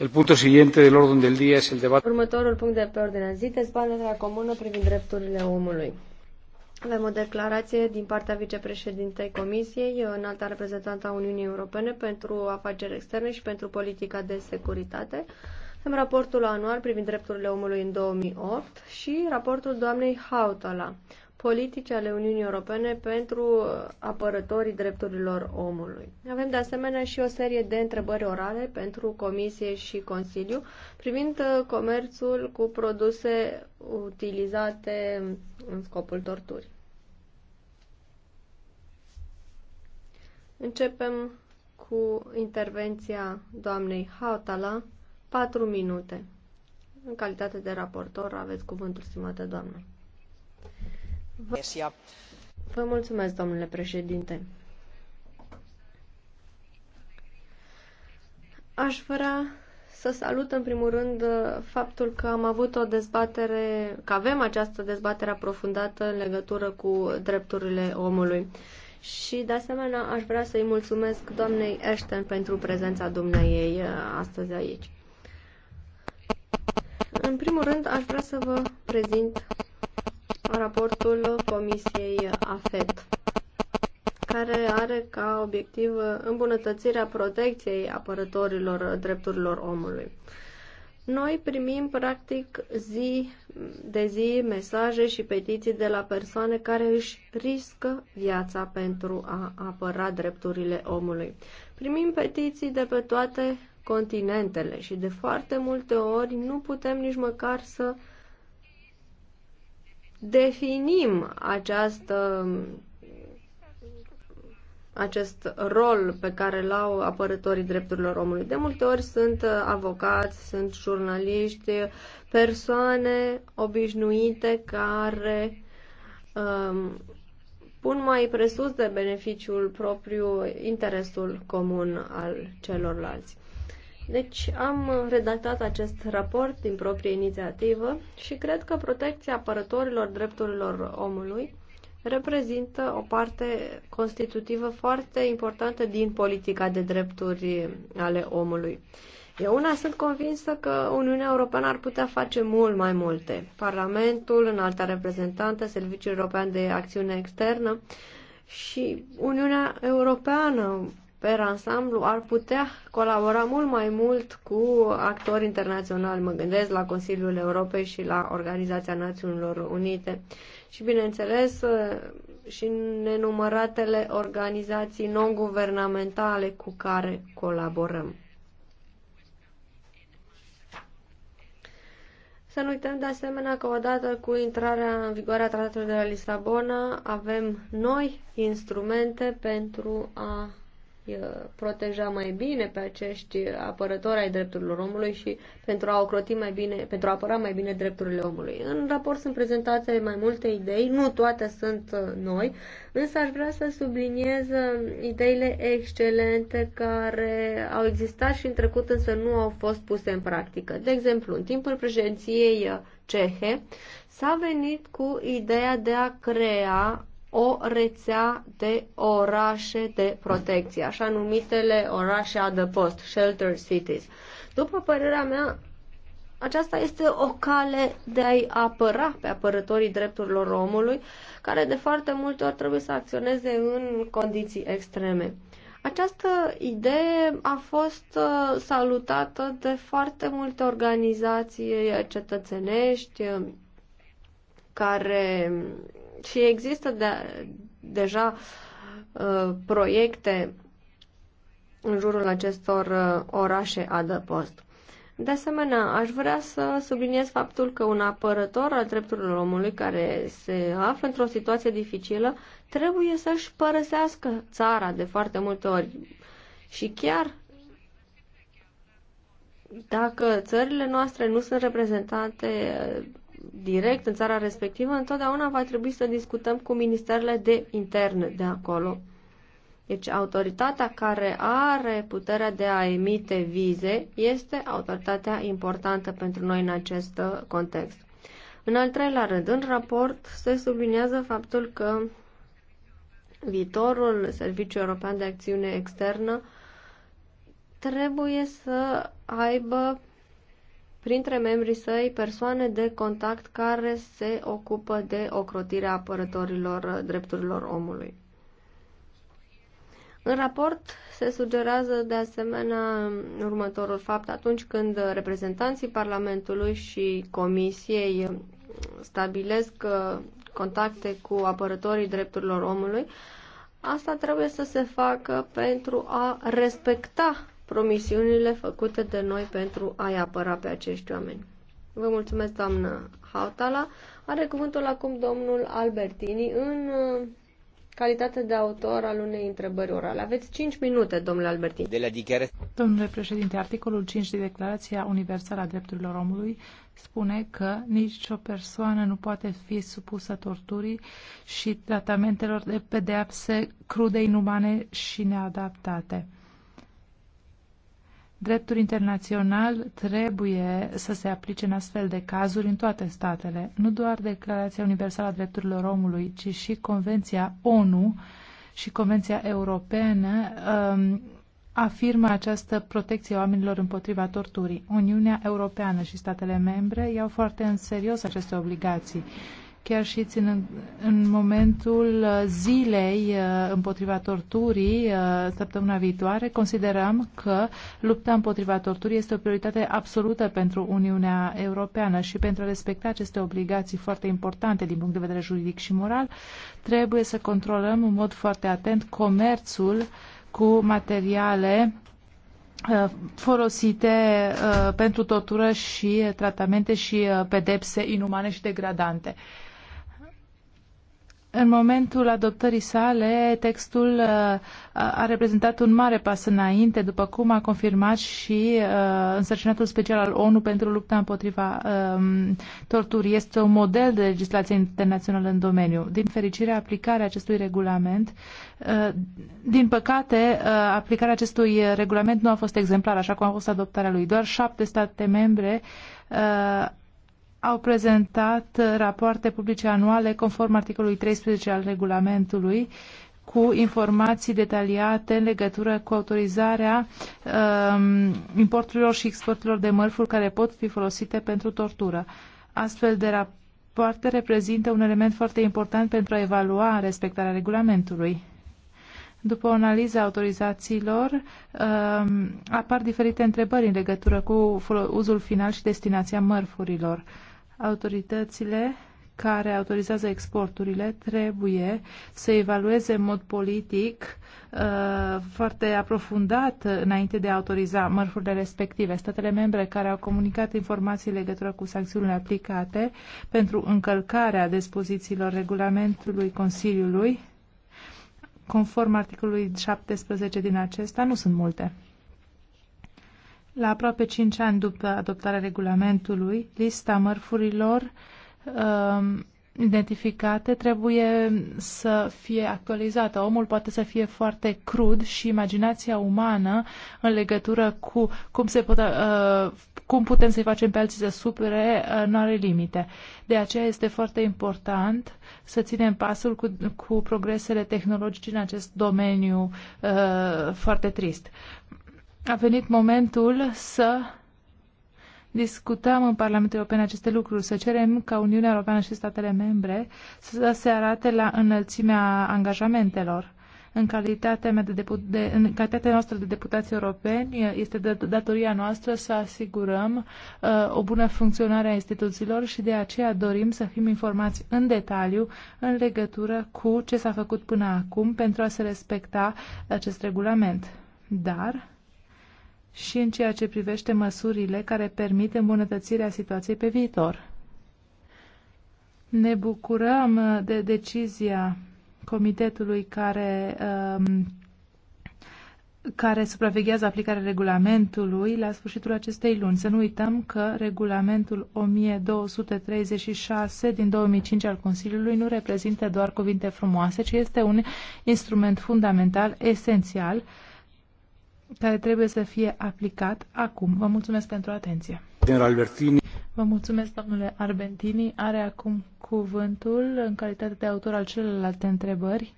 El Următorul punct de pe ordinea zi, dezbaterea comună privind drepturile omului. Avem o declarație din partea vicepreședintei Comisiei, înalta reprezentantă a Uniunii Europene pentru afaceri externe și pentru politica de securitate. Avem raportul anual privind drepturile omului în 2008 și raportul doamnei Hautala, politice ale Uniunii Europene pentru apărătorii drepturilor omului. Avem de asemenea și o serie de întrebări orale pentru Comisie și Consiliu privind uh, comerțul cu produse utilizate în scopul torturii. Începem cu intervenția doamnei Hautala, 4 minute. În calitate de raportor aveți cuvântul, stimată doamnă. Vă, mulțumesc, domnule președinte. Aș vrea să salut în primul rând faptul că am avut o dezbatere, că avem această dezbatere aprofundată în legătură cu drepturile omului. Și de asemenea aș vrea să-i mulțumesc doamnei Ashton pentru prezența dumneiei uh, astăzi aici. În primul rând aș vrea să vă prezint raportul Comisiei AFET, care are ca obiectiv îmbunătățirea protecției apărătorilor drepturilor omului. Noi primim practic zi de zi mesaje și petiții de la persoane care își riscă viața pentru a apăra drepturile omului. Primim petiții de pe toate continentele și de foarte multe ori nu putem nici măcar să uh, definim această, acest rol pe care l au apărătorii drepturilor omului. De multe ori sunt avocați, sunt jurnaliști, persoane obișnuite care um, pun mai presus de beneficiul propriu interesul comun al celorlalți. Deci am redactat acest raport din proprie inițiativă și cred că protecția apărătorilor drepturilor omului reprezintă o parte constitutivă foarte importantă din politica de drepturi ale omului. Eu una sunt convinsă că Uniunea Europeană ar putea face mult mai multe. Parlamentul, înalta reprezentantă, Serviciul European de Acțiune Externă și Uniunea Europeană per ansamblu ar putea colabora mult mai mult cu actori internaționali. Mă gândesc la Consiliul Europei și la Organizația Națiunilor Unite și, bineînțeles, și nenumăratele organizații non-guvernamentale cu care colaborăm. Să nu uităm de asemenea că odată cu intrarea în vigoare a tratatului de la Lisabona avem noi instrumente pentru a proteja mai bine pe acești apărători ai drepturilor omului și pentru a ocroti mai bine, pentru a apăra mai bine drepturile omului. În raport sunt prezentate mai multe idei, nu toate sunt uh, noi, însă aș vrea să subliniez uh, ideile excelente care au existat și în trecut, însă nu au fost puse în practică. De exemplu, în timpul președinției uh, cehe s-a venit cu ideea de a crea o rețea de orașe de protecție, așa numitele orașe adăpost, shelter cities. După părerea mea, aceasta este o cale de a-i apăra pe apărătorii drepturilor omului, care de foarte multe ori trebuie să acționeze în condiții extreme. Această idee a fost uh, salutată de foarte multe organizații cetățenești um, care și există de, deja uh, proiecte în jurul acestor uh, orașe adăpost. De asemenea, aș vrea să subliniez faptul că un apărător al drepturilor omului care se află într-o situație dificilă trebuie să-și părăsească țara de foarte multe ori. Și chiar dacă țările noastre nu sunt reprezentate uh, direct în țara respectivă, întotdeauna va trebui să discutăm cu ministerele de interne de acolo. Deci autoritatea care are puterea de a emite vize este autoritatea importantă pentru noi în acest context. În al treilea rând, în raport se subliniază faptul că viitorul Serviciu European de Acțiune Externă trebuie să aibă printre membrii săi persoane de contact care se ocupă de ocrotirea apărătorilor uh, drepturilor omului. În raport se sugerează de asemenea următorul fapt. Atunci când reprezentanții Parlamentului și Comisiei uh, stabilesc uh, contacte cu apărătorii drepturilor omului, asta trebuie să se facă pentru a respecta promisiunile făcute de noi pentru a-i apăra pe acești oameni. Vă mulțumesc, doamnă Hautala. Are cuvântul acum domnul Albertini în uh, calitate de autor al unei întrebări orale. Aveți 5 minute, domnule Albertini. De la dichiare... Domnule președinte, articolul 5 din Declarația Universală a Drepturilor Omului spune că nicio persoană nu poate fi supusă torturii și tratamentelor de pedeapse crude, inumane și neadaptate. Dreptul internațional trebuie să se aplice în astfel de cazuri în toate statele, nu doar Declarația Universală a Drepturilor Omului, ci și Convenția ONU și Convenția Europeană um, afirmă această protecție oamenilor împotriva torturii. Uniunea Europeană și statele membre iau foarte în serios aceste obligații chiar și ținând în momentul uh, zilei uh, împotriva torturii uh, săptămâna viitoare, considerăm că lupta împotriva torturii este o prioritate absolută pentru Uniunea Europeană și pentru a respecta aceste obligații foarte importante din punct de vedere juridic și moral, trebuie să controlăm în mod foarte atent comerțul cu materiale folosite pentru tortură și tratamente și pedepse inumane și degradante. În momentul adoptării sale, textul uh, a reprezentat un mare pas înainte, după cum a confirmat și uh, însărcinatul special al ONU pentru lupta împotriva um, torturii. Este un model de legislație internațională în domeniu. Din fericire, aplicarea acestui regulament, uh, din păcate, aplicarea acestui regulament nu a fost exemplar, așa cum a fost adoptarea lui. Doar șapte state membre au prezentat rapoarte publice anuale conform articolului 13 al regulamentului cu informații detaliate în legătură cu autorizarea um, importurilor și exporturilor de mărfuri care pot fi folosite pentru tortură. Astfel de rapoarte reprezintă un element foarte important pentru a evalua respectarea regulamentului. După analiză a autorizațiilor, um, apar diferite întrebări în legătură cu uzul final și destinația mărfurilor autoritățile care autorizează exporturile trebuie să evalueze în mod politic uh, foarte aprofundat înainte de a autoriza mărfurile respective. Statele membre care au comunicat informații legătură cu sancțiunile aplicate pentru încălcarea dispozițiilor regulamentului Consiliului, conform articolului 17 din acesta, nu sunt multe. La aproape 5 ani după adoptarea regulamentului, lista mărfurilor um, identificate trebuie să fie actualizată. Omul poate să fie foarte crud și imaginația umană în legătură cu cum, se pot, uh, cum putem să-i facem pe alții să supere uh, nu are limite. De aceea este foarte important să ținem pasul cu, cu progresele tehnologice în acest domeniu uh, foarte trist. Uh, a venit momentul să discutăm în Parlamentul European aceste lucruri, să cerem ca Uniunea Europeană și statele membre să se arate la înălțimea angajamentelor. În calitatea, mea de de, în calitatea noastră de deputați europeni, este de datoria noastră să asigurăm uh, o bună funcționare a instituțiilor și de aceea dorim să fim informați în detaliu în legătură cu ce s-a făcut până acum pentru a se respecta acest regulament. Dar și în ceea ce privește măsurile care permit îmbunătățirea situației pe viitor. Ne bucurăm uh, de decizia comitetului care, um, care supraveghează aplicarea regulamentului la sfârșitul acestei luni. Să nu uităm că regulamentul 1236 din 2005 al Consiliului nu reprezintă doar cuvinte frumoase, ci este un instrument fundamental, esențial, care trebuie să fie aplicat acum. Vă mulțumesc pentru atenție. General Bertini. Vă mulțumesc, domnule Arbentini. Are acum cuvântul, în calitate de autor al celorlalte întrebări,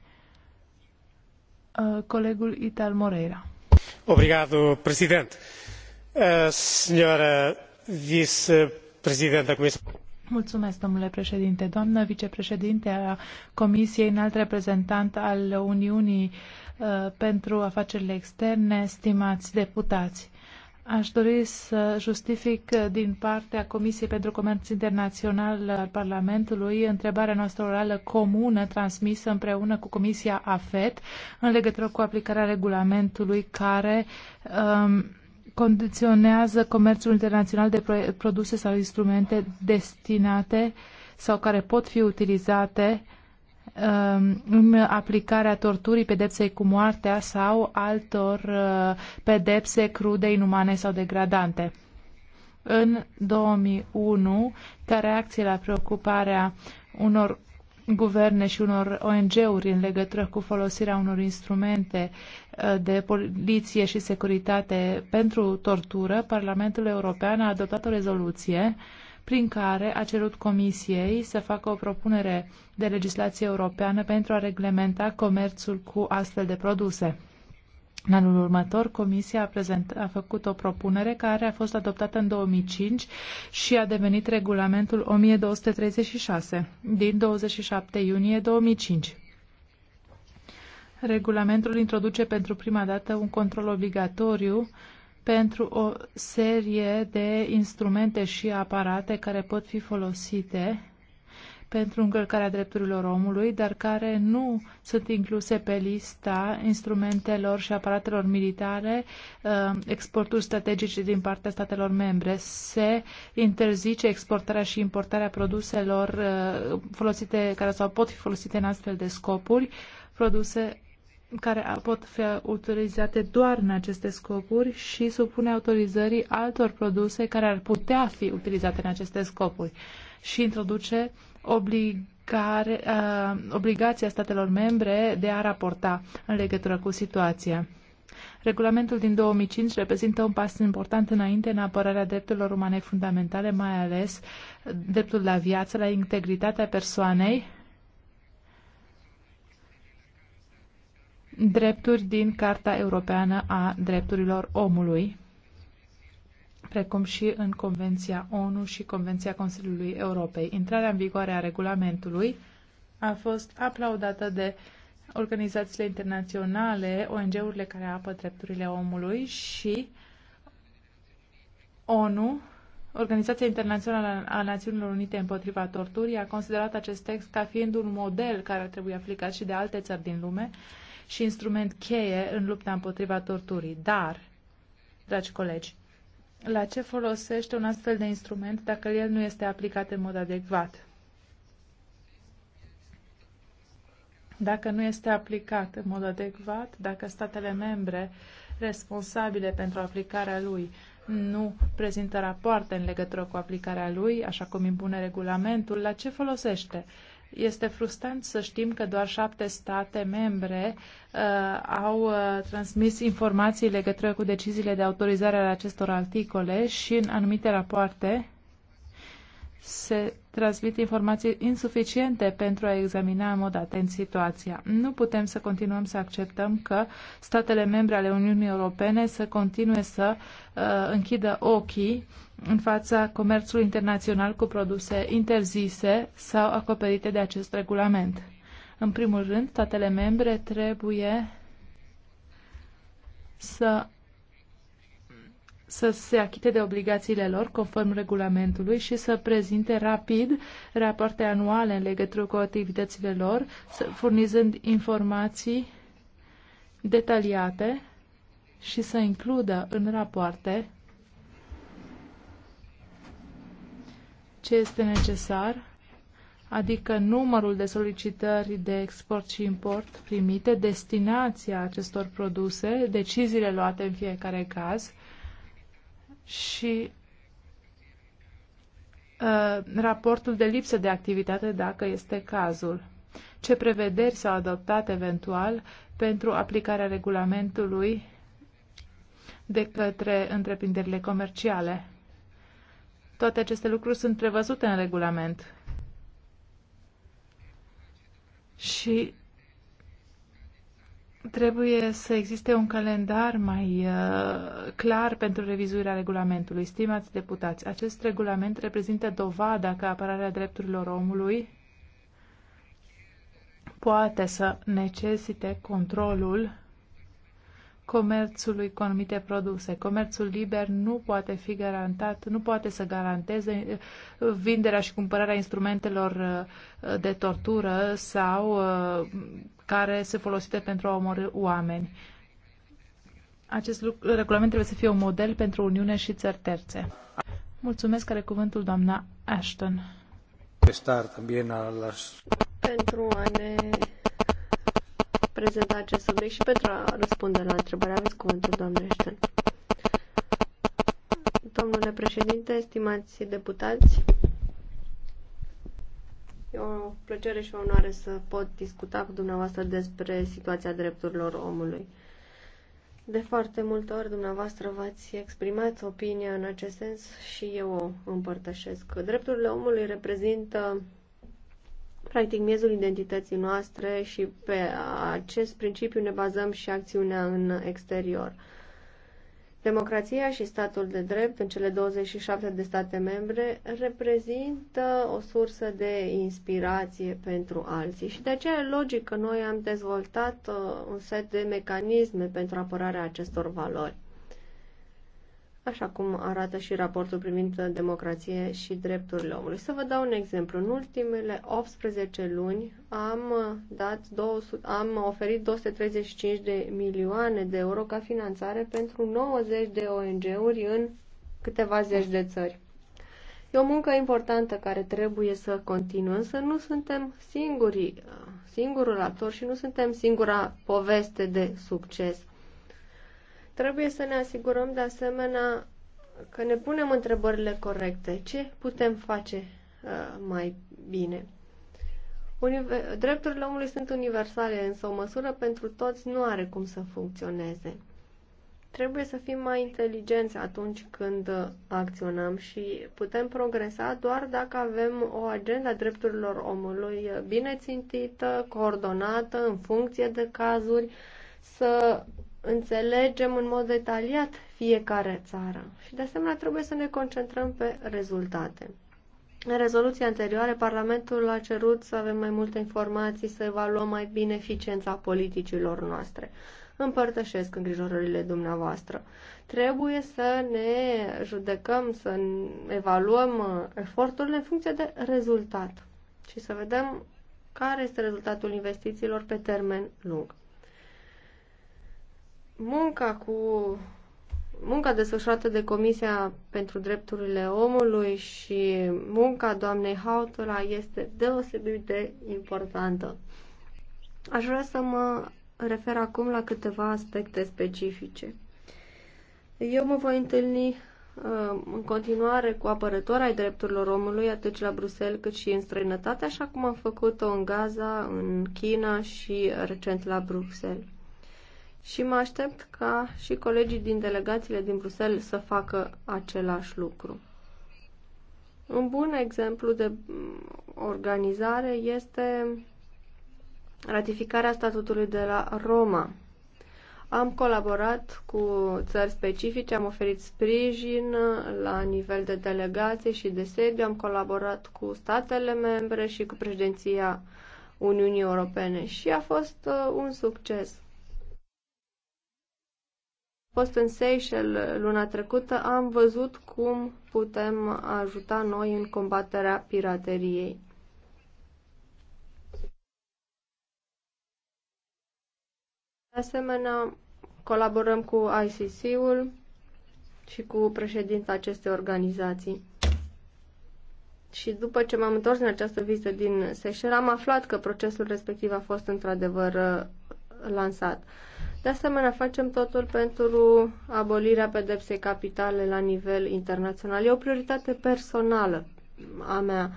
uh, colegul Ital Moreira. Obrigado, presidente. Uh, senhora vice da Comisiei. Mulțumesc, domnule președinte. Doamnă vicepreședinte a Comisiei, înalt reprezentant al Uniunii Uh, pentru afacerile externe, stimați deputați. Aș dori să justific din partea Comisiei pentru Comerț Internațional al Parlamentului întrebarea noastră orală comună transmisă împreună cu Comisia AFET în legătură cu aplicarea regulamentului care um, condiționează comerțul internațional de produse sau instrumente destinate sau care pot fi utilizate uh, Um, în aplicarea torturii, pedepsei cu moartea sau altor uh, pedepse crude, inumane sau degradante. În 2001, ca reacție la preocuparea unor guverne și unor ONG-uri în legătură cu folosirea unor instrumente uh, de poliție și securitate pentru tortură, Parlamentul European a adoptat o rezoluție uh, prin care a cerut Comisiei să facă o propunere de legislație europeană pentru a reglementa comerțul cu astfel de produse. În anul următor, Comisia a, prezent, a făcut o propunere care a fost adoptată în 2005 și a devenit regulamentul 1236 din 27 iunie 2005. Regulamentul introduce pentru prima dată un control obligatoriu pentru o serie de instrumente și aparate care pot fi folosite pentru încălcarea drepturilor omului, dar care nu sunt incluse pe lista instrumentelor și aparatelor militare, uh, exporturi strategice din partea statelor membre. Se interzice exportarea și importarea produselor uh, folosite, care sau pot fi folosite în astfel de scopuri, produse care pot fi utilizate doar în aceste scopuri și supune autorizării altor produse care ar putea fi utilizate în aceste scopuri și introduce obligare, uh, obligația statelor membre de a raporta în legătură cu situația. Regulamentul din 2005 reprezintă un pas important înainte în apărarea drepturilor umane fundamentale, mai ales dreptul la viață, la integritatea persoanei, drepturi din Carta Europeană a Drepturilor Omului, precum și în Convenția ONU și Convenția Consiliului Europei. Intrarea în vigoare a regulamentului a fost aplaudată de organizațiile internaționale, ONG-urile care apă drepturile omului și ONU, Organizația Internațională a Națiunilor Unite împotriva torturii, a considerat acest text ca fiind un model care ar trebui aplicat și de alte țări din lume și instrument cheie în lupta împotriva torturii. Dar, dragi colegi, la ce folosește un astfel de instrument dacă el nu este aplicat în mod adecvat? Dacă nu este aplicat în mod adecvat, dacă statele membre responsabile pentru aplicarea lui nu prezintă rapoarte în legătură cu aplicarea lui, așa cum impune regulamentul, la ce folosește? Este frustrant să știm că doar șapte state membre uh, au uh, transmis informații legătură cu deciziile de autorizare ale acestor articole și în anumite rapoarte se transmit informații insuficiente pentru a examina în mod atent situația. Nu putem să continuăm să acceptăm că statele membre ale Uniunii Europene să continue să uh, închidă ochii în fața comerțului internațional cu produse interzise sau acoperite de acest regulament. În primul rând, statele membre trebuie să să se achite de obligațiile lor conform regulamentului și să prezinte rapid rapoarte anuale în legătură cu activitățile lor, furnizând informații detaliate și să includă în rapoarte ce este necesar, adică numărul de solicitări de export și import primite, destinația acestor produse, deciziile luate în fiecare caz și uh, raportul de lipsă de activitate dacă este cazul. Ce prevederi s-au adoptat eventual pentru aplicarea regulamentului de către întreprinderile comerciale? Toate aceste lucruri sunt prevăzute în regulament. Și trebuie să existe un calendar mai uh, clar pentru revizuirea regulamentului. Stimați deputați, acest regulament reprezintă dovada că apărarea drepturilor omului poate să necesite controlul comerțului cu anumite produse. Comerțul liber nu poate fi garantat, nu poate să garanteze eh, vinderea și cumpărarea instrumentelor eh, de tortură sau eh, care se folosite pentru a omorâ oameni. Acest lucru, regulament trebuie să fie un model pentru Uniune și țări terțe. Mulțumesc, are cuvântul doamna Ashton. Pentru a ne prezenta acest subiect și pentru a răspunde la întrebare. Aveți cuvântul, doamne Ashton. Domnule președinte, stimați deputați, e o plăcere și o onoare să pot discuta cu dumneavoastră despre situația drepturilor omului. De foarte multe ori dumneavoastră v-ați exprimat opinia în acest sens și eu o împărtășesc. Drepturile omului reprezintă practic miezul identității noastre și pe acest principiu ne bazăm și acțiunea în exterior. Democrația și statul de drept în cele 27 de state membre reprezintă o sursă de inspirație pentru alții și de aceea e logic că noi am dezvoltat uh, un set de mecanisme pentru apărarea acestor valori așa cum arată și raportul privind democrație și drepturile omului. Să vă dau un exemplu. În ultimele 18 luni am, dat 200, am oferit 235 de milioane de euro ca finanțare pentru 90 de ONG-uri în câteva zeci de țări. E o muncă importantă care trebuie să continuă, însă nu suntem singurii, singurul actor și nu suntem singura poveste de succes. Trebuie să ne asigurăm de asemenea că ne punem întrebările corecte. Ce putem face uh, mai bine? Unive- Drepturile omului sunt universale, însă o măsură pentru toți nu are cum să funcționeze. Trebuie să fim mai inteligenți atunci când uh, acționăm și putem progresa doar dacă avem o agenda drepturilor omului uh, bine țintită, coordonată, în funcție de cazuri, să înțelegem în mod detaliat fiecare țară și de asemenea trebuie să ne concentrăm pe rezultate. În rezoluția anterioară, Parlamentul a cerut să avem mai multe informații, să evaluăm mai bine eficiența politicilor noastre. Împărtășesc îngrijorările dumneavoastră. Trebuie să ne judecăm, să evaluăm uh, eforturile în funcție de rezultat și să vedem care este rezultatul investițiilor pe termen lung. Munca cu munca desfășurată de Comisia pentru Drepturile Omului și munca doamnei Hautala este deosebit de importantă. Aș vrea să mă refer acum la câteva aspecte specifice. Eu mă voi întâlni uh, în continuare cu apărători ai drepturilor omului, atât la Bruxelles cât și în străinătate, așa cum am făcut-o în Gaza, în China și recent la Bruxelles și mă aștept ca și colegii din delegațiile din Bruxelles să facă același lucru. Un bun exemplu de mm, organizare este ratificarea statutului de la Roma. Am colaborat cu țări specifice, am oferit sprijin uh, la nivel de delegație și de sediu, am colaborat cu statele membre și cu președinția Uniunii Europene și a fost uh, un succes fost în Seychelles luna trecută, am văzut cum putem ajuta noi în combaterea pirateriei. De asemenea, colaborăm cu ICC-ul și cu președinta acestei organizații. Și după ce m-am întors în această vizită din Seychelles, am aflat că procesul respectiv a fost într-adevăr uh, lansat. De asemenea, facem totul pentru abolirea pedepsei capitale la nivel internațional. E o prioritate personală a mea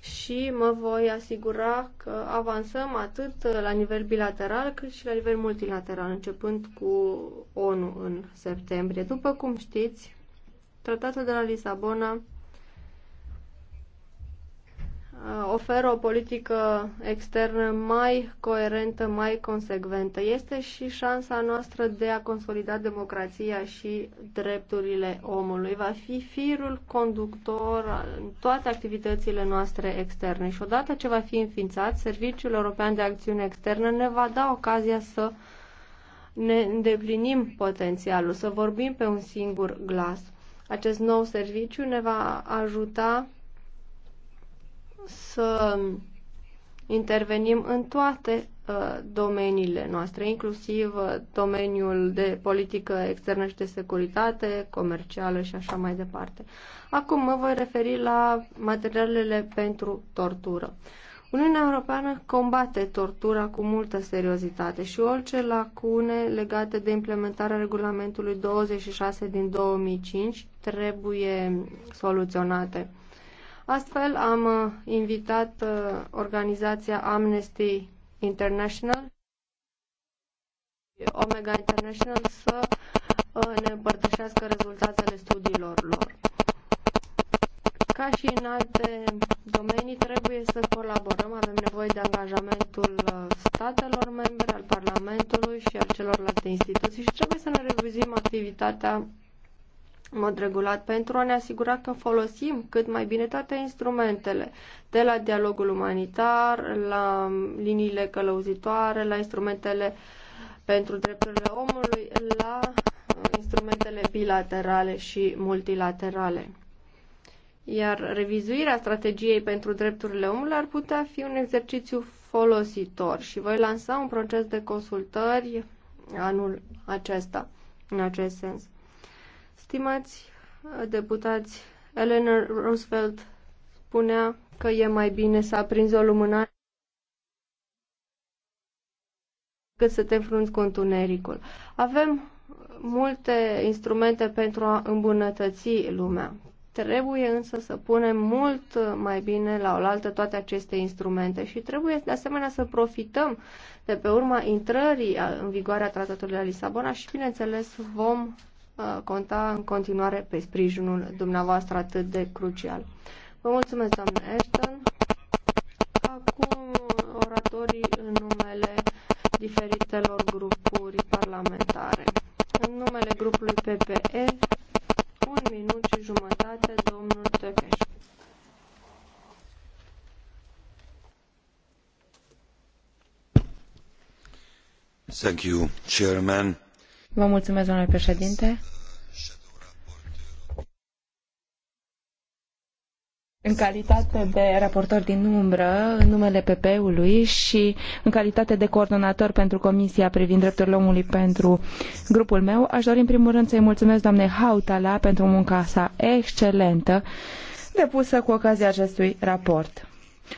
și mă voi asigura că avansăm atât la nivel bilateral cât și la nivel multilateral, începând cu ONU în septembrie. După cum știți, Tratatul de la Lisabona oferă o politică externă mai coerentă, mai consecventă. Este și șansa noastră de a consolida democrația și drepturile omului. Va fi firul conductor în toate activitățile noastre externe și odată ce va fi înființat, Serviciul European de Acțiune Externă ne va da ocazia să ne îndeplinim potențialul, să vorbim pe un singur glas. Acest nou serviciu ne va ajuta să intervenim în toate uh, domeniile noastre, inclusiv uh, domeniul de politică externă și de securitate, comercială și așa mai departe. Acum mă voi referi la materialele pentru tortură. Uniunea Europeană combate tortura cu multă seriozitate și orice lacune legate de implementarea regulamentului 26 din 2005 trebuie soluționate. Astfel am uh, invitat uh, organizația Amnesty International Omega International să uh, ne împărtășească rezultatele studiilor lor. Ca și în alte domenii, trebuie să colaborăm, avem nevoie de angajamentul statelor membre, al Parlamentului și al celorlalte instituții și trebuie să ne revizim activitatea în mod regulat pentru a ne asigura că folosim cât mai bine toate instrumentele, de la dialogul umanitar, la liniile călăuzitoare, la instrumentele pentru drepturile omului, la uh, instrumentele bilaterale și multilaterale. Iar revizuirea strategiei pentru drepturile omului ar putea fi un exercițiu folositor și voi lansa un proces de consultări anul acesta în acest sens. Stimați uh, deputați, Eleanor Roosevelt spunea că e mai bine să aprinzi o lumânare decât să te înfrunți cu întunericul. Avem multe instrumente pentru a îmbunătăți lumea. Trebuie însă să punem mult mai bine la oaltă toate aceste instrumente și trebuie de asemenea să profităm de pe urma intrării în vigoare a tratatului la Lisabona și bineînțeles vom Uh, conta în continuare pe sprijinul dumneavoastră atât de crucial. Vă mulțumesc, doamnă Ashton. Acum oratorii în numele diferitelor grupuri parlamentare. În numele grupului PPE, un minut și jumătate, domnul Tăcăș. Thank you, Chairman. Vă mulțumesc, domnule președinte. În calitate de raportor din umbră, în numele PP-ului și în calitate de coordonator pentru Comisia privind drepturile omului pentru grupul meu, aș dori în primul rând să-i mulțumesc doamnei Hautala pentru munca sa excelentă depusă cu ocazia acestui raport.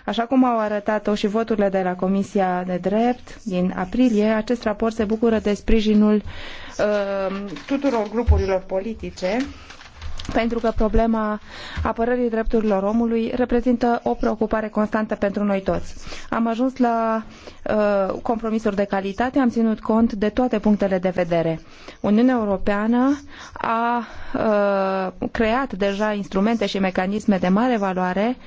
Așa cum au arătat-o și voturile de la Comisia de Drept din aprilie, acest raport se bucură de sprijinul uh, tuturor grupurilor politice pentru că problema apărării drepturilor omului reprezintă o preocupare constantă pentru noi toți. Am ajuns la uh, compromisuri de calitate, am ținut cont de toate punctele de vedere. Uniunea Europeană a uh, creat deja instrumente și mecanisme de mare valoare uh,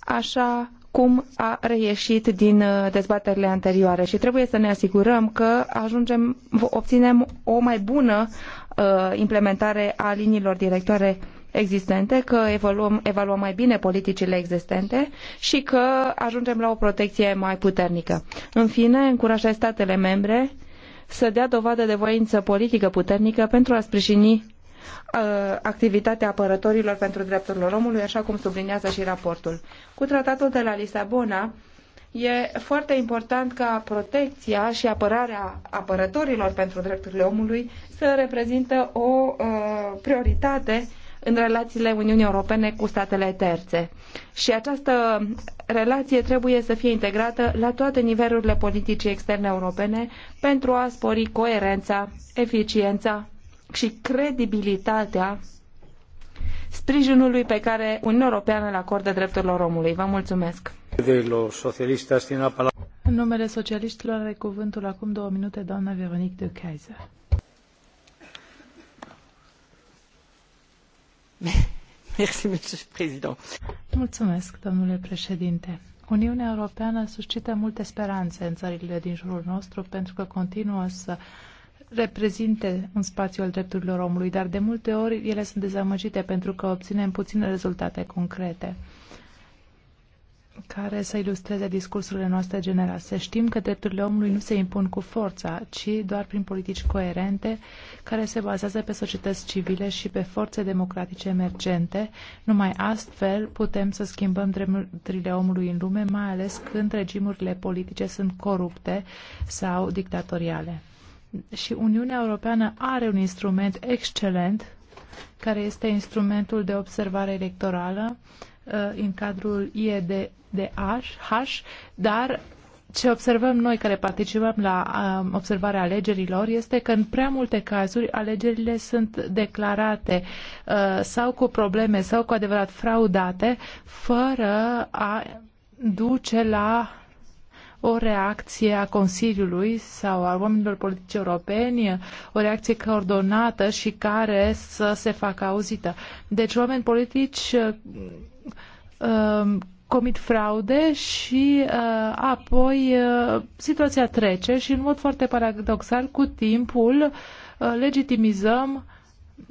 așa cum a reieșit din uh, dezbaterile anterioare și trebuie să ne asigurăm că ajungem, obținem o mai bună uh, implementare a liniilor directoare existente, că evaluăm, evaluăm mai bine politicile existente și că ajungem la o protecție mai puternică. În fine, încurajez statele membre să dea dovadă de voință politică puternică pentru a sprijini Uh, activitatea apărătorilor pentru drepturile omului, așa cum sublinează și raportul. Cu tratatul de la Lisabona, e foarte important ca protecția și apărarea apărătorilor pentru drepturile omului să reprezintă o uh, prioritate în relațiile Uniunii Europene cu statele terțe. Și această relație trebuie să fie integrată la toate nivelurile politicii externe europene pentru a spori coerența, eficiența și credibilitatea sprijinului pe care Uniunea Europeană îl acordă drepturilor omului. Vă mulțumesc! De în numele socialiștilor are cuvântul acum două minute doamna Veronique de Kaiser. Mulțumesc, domnule președinte. Uniunea Europeană suscită multe speranțe în țările din jurul nostru pentru că continuă să reprezinte un spațiu al drepturilor omului, dar de multe ori ele sunt dezamăgite pentru că obținem puține rezultate concrete care să ilustreze discursurile noastre generale. Să știm că drepturile omului nu se impun cu forța, ci doar prin politici coerente care se bazează pe societăți civile și pe forțe democratice emergente. Numai astfel putem să schimbăm drepturile omului în lume, mai ales când regimurile politice sunt corupte sau dictatoriale și Uniunea Europeană are un instrument excelent, care este instrumentul de observare electorală uh, în cadrul IEDH, dar ce observăm noi care participăm la um, observarea alegerilor este că în prea multe cazuri alegerile sunt declarate uh, sau cu probleme sau cu adevărat fraudate fără a duce la o reacție a Consiliului sau a oamenilor politici europeni, o reacție coordonată și care să se facă auzită. Deci oameni politici uh, um, comit fraude și uh, apoi uh, situația trece și în mod foarte paradoxal cu timpul uh, legitimizăm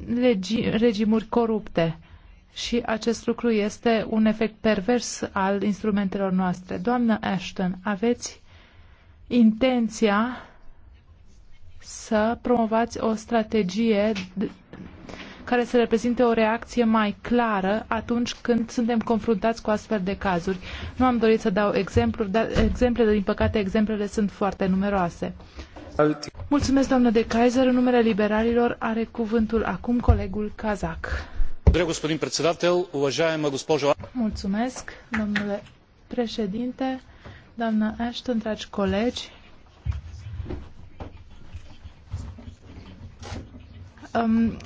legi- regimuri corupte. Uh, și acest lucru este un efect pervers al instrumentelor noastre. Doamnă Ashton, aveți intenția să promovați o strategie care să reprezinte o reacție mai clară atunci când suntem confruntați cu astfel de cazuri. Nu am dorit să dau exemplu, dar dar din păcate, exemplele sunt foarte numeroase. Mulțumesc, doamnă de Kaiser. În numele liberalilor are cuvântul acum colegul Kazak. Mulțumesc, domnule președinte, doamnă Ashton, dragi colegi.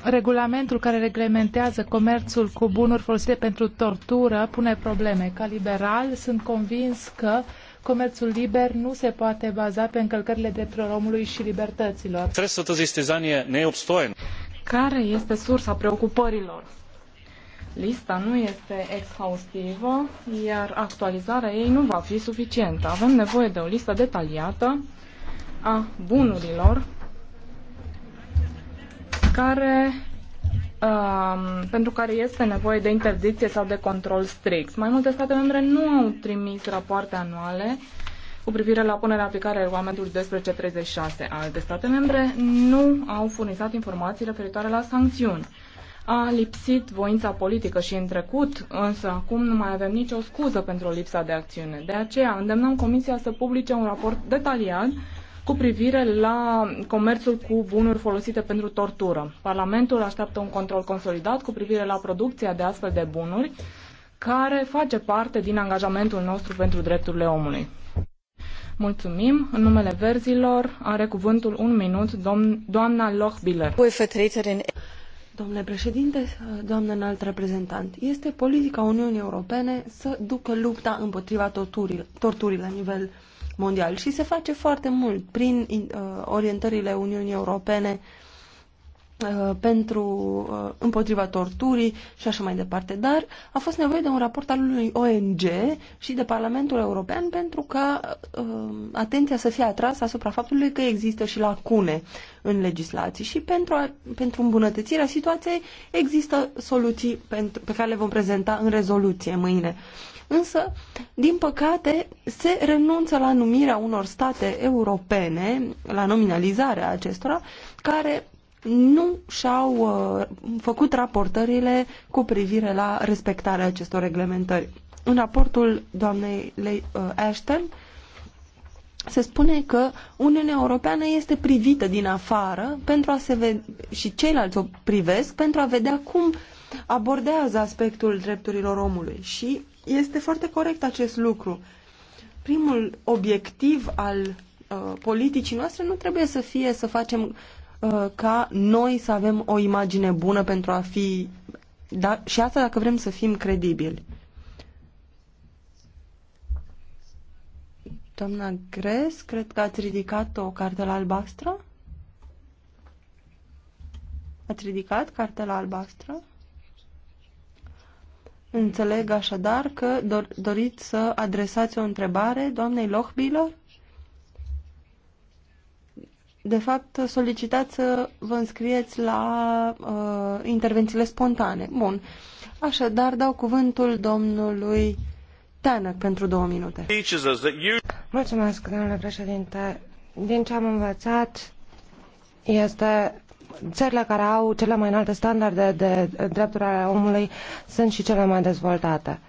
regulamentul care reglementează comerțul cu bunuri folosite pentru tortură pune probleme. Ca liberal, sunt convins că comerțul liber nu se poate baza pe încălcările drepturilor omului și libertăților. Care este sursa preocupărilor? Lista nu este exhaustivă, iar actualizarea ei nu va fi suficientă. Avem nevoie de o listă detaliată a bunurilor care, um, pentru care este nevoie de interdicție sau de control strict. Mai multe state membre nu au trimis rapoarte anuale cu privire la punerea aplicare regulamentului 1236. Alte state membre nu au furnizat informații referitoare la sancțiuni. A lipsit voința politică și în trecut, însă acum nu mai avem nicio scuză pentru lipsa de acțiune. De aceea îndemnăm Comisia să publice un raport detaliat cu privire la comerțul cu bunuri folosite pentru tortură. Parlamentul așteaptă un control consolidat cu privire la producția de astfel de bunuri, care face parte din angajamentul nostru pentru drepturile omului. Mulțumim. În numele verzilor are cuvântul un minut domn, doamna Lochbiller. Domnule președinte, doamnă înalt reprezentant, este politica Uniunii Europene să ducă lupta împotriva torturii, torturii la nivel mondial și se face foarte mult prin uh, orientările Uniunii Europene uh, Uh, pentru uh, împotriva torturii și așa mai departe. Dar a fost nevoie de un raport al unui ONG și de Parlamentul European pentru ca uh, atenția să fie atrasă asupra faptului că există și lacune în legislații și pentru, a, pentru îmbunătățirea situației există soluții pentru, pe care le vom prezenta în rezoluție mâine. Însă, din păcate, se renunță la numirea unor state europene, la nominalizarea acestora, care nu și-au uh, făcut raportările cu privire la respectarea acestor reglementări. În raportul doamnei uh, Ashton se spune că Uniunea Europeană este privită din afară pentru a se și ceilalți o privesc pentru a vedea cum abordează aspectul drepturilor omului și este foarte corect acest lucru. Primul obiectiv al uh, politicii noastre nu trebuie să fie să facem Uh, ca noi să avem o imagine bună pentru a fi da, și asta dacă vrem să fim credibili. Doamna Gres, cred că ați ridicat o cartelă albastră? Ați ridicat cartela albastră? Înțeleg așadar că dor doriți să adresați o întrebare doamnei Lochbiller? de fapt, solicitați să vă înscrieți la uh, intervențiile spontane. Bun. Așadar, dau cuvântul domnului Teanăc pentru două minute. Mulțumesc, domnule președinte. Din ce am învățat este țările care au cele mai înalte standarde de drepturi ale omului sunt și cele mai dezvoltate.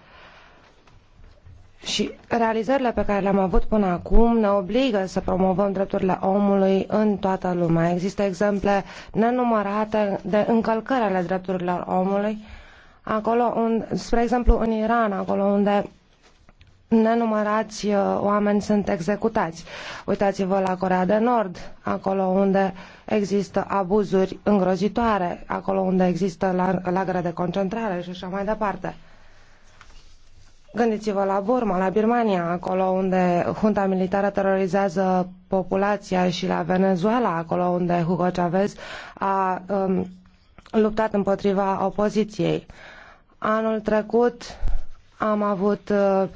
Și realizările pe care le-am avut până acum ne obligă să promovăm drepturile omului în toată lumea. Există exemple nenumărate de încălcări ale drepturilor omului, acolo unde, spre exemplu în Iran, acolo unde nenumărați uh, oameni sunt executați. Uitați-vă la Corea de Nord, acolo unde există abuzuri îngrozitoare, acolo unde există lagăre de concentrare și așa mai departe. Gândiți-vă la Burma, la Birmania, acolo unde junta militară terorizează populația și la Venezuela, acolo unde Hugo Chavez a um, luptat împotriva opoziției. Anul trecut am avut uh,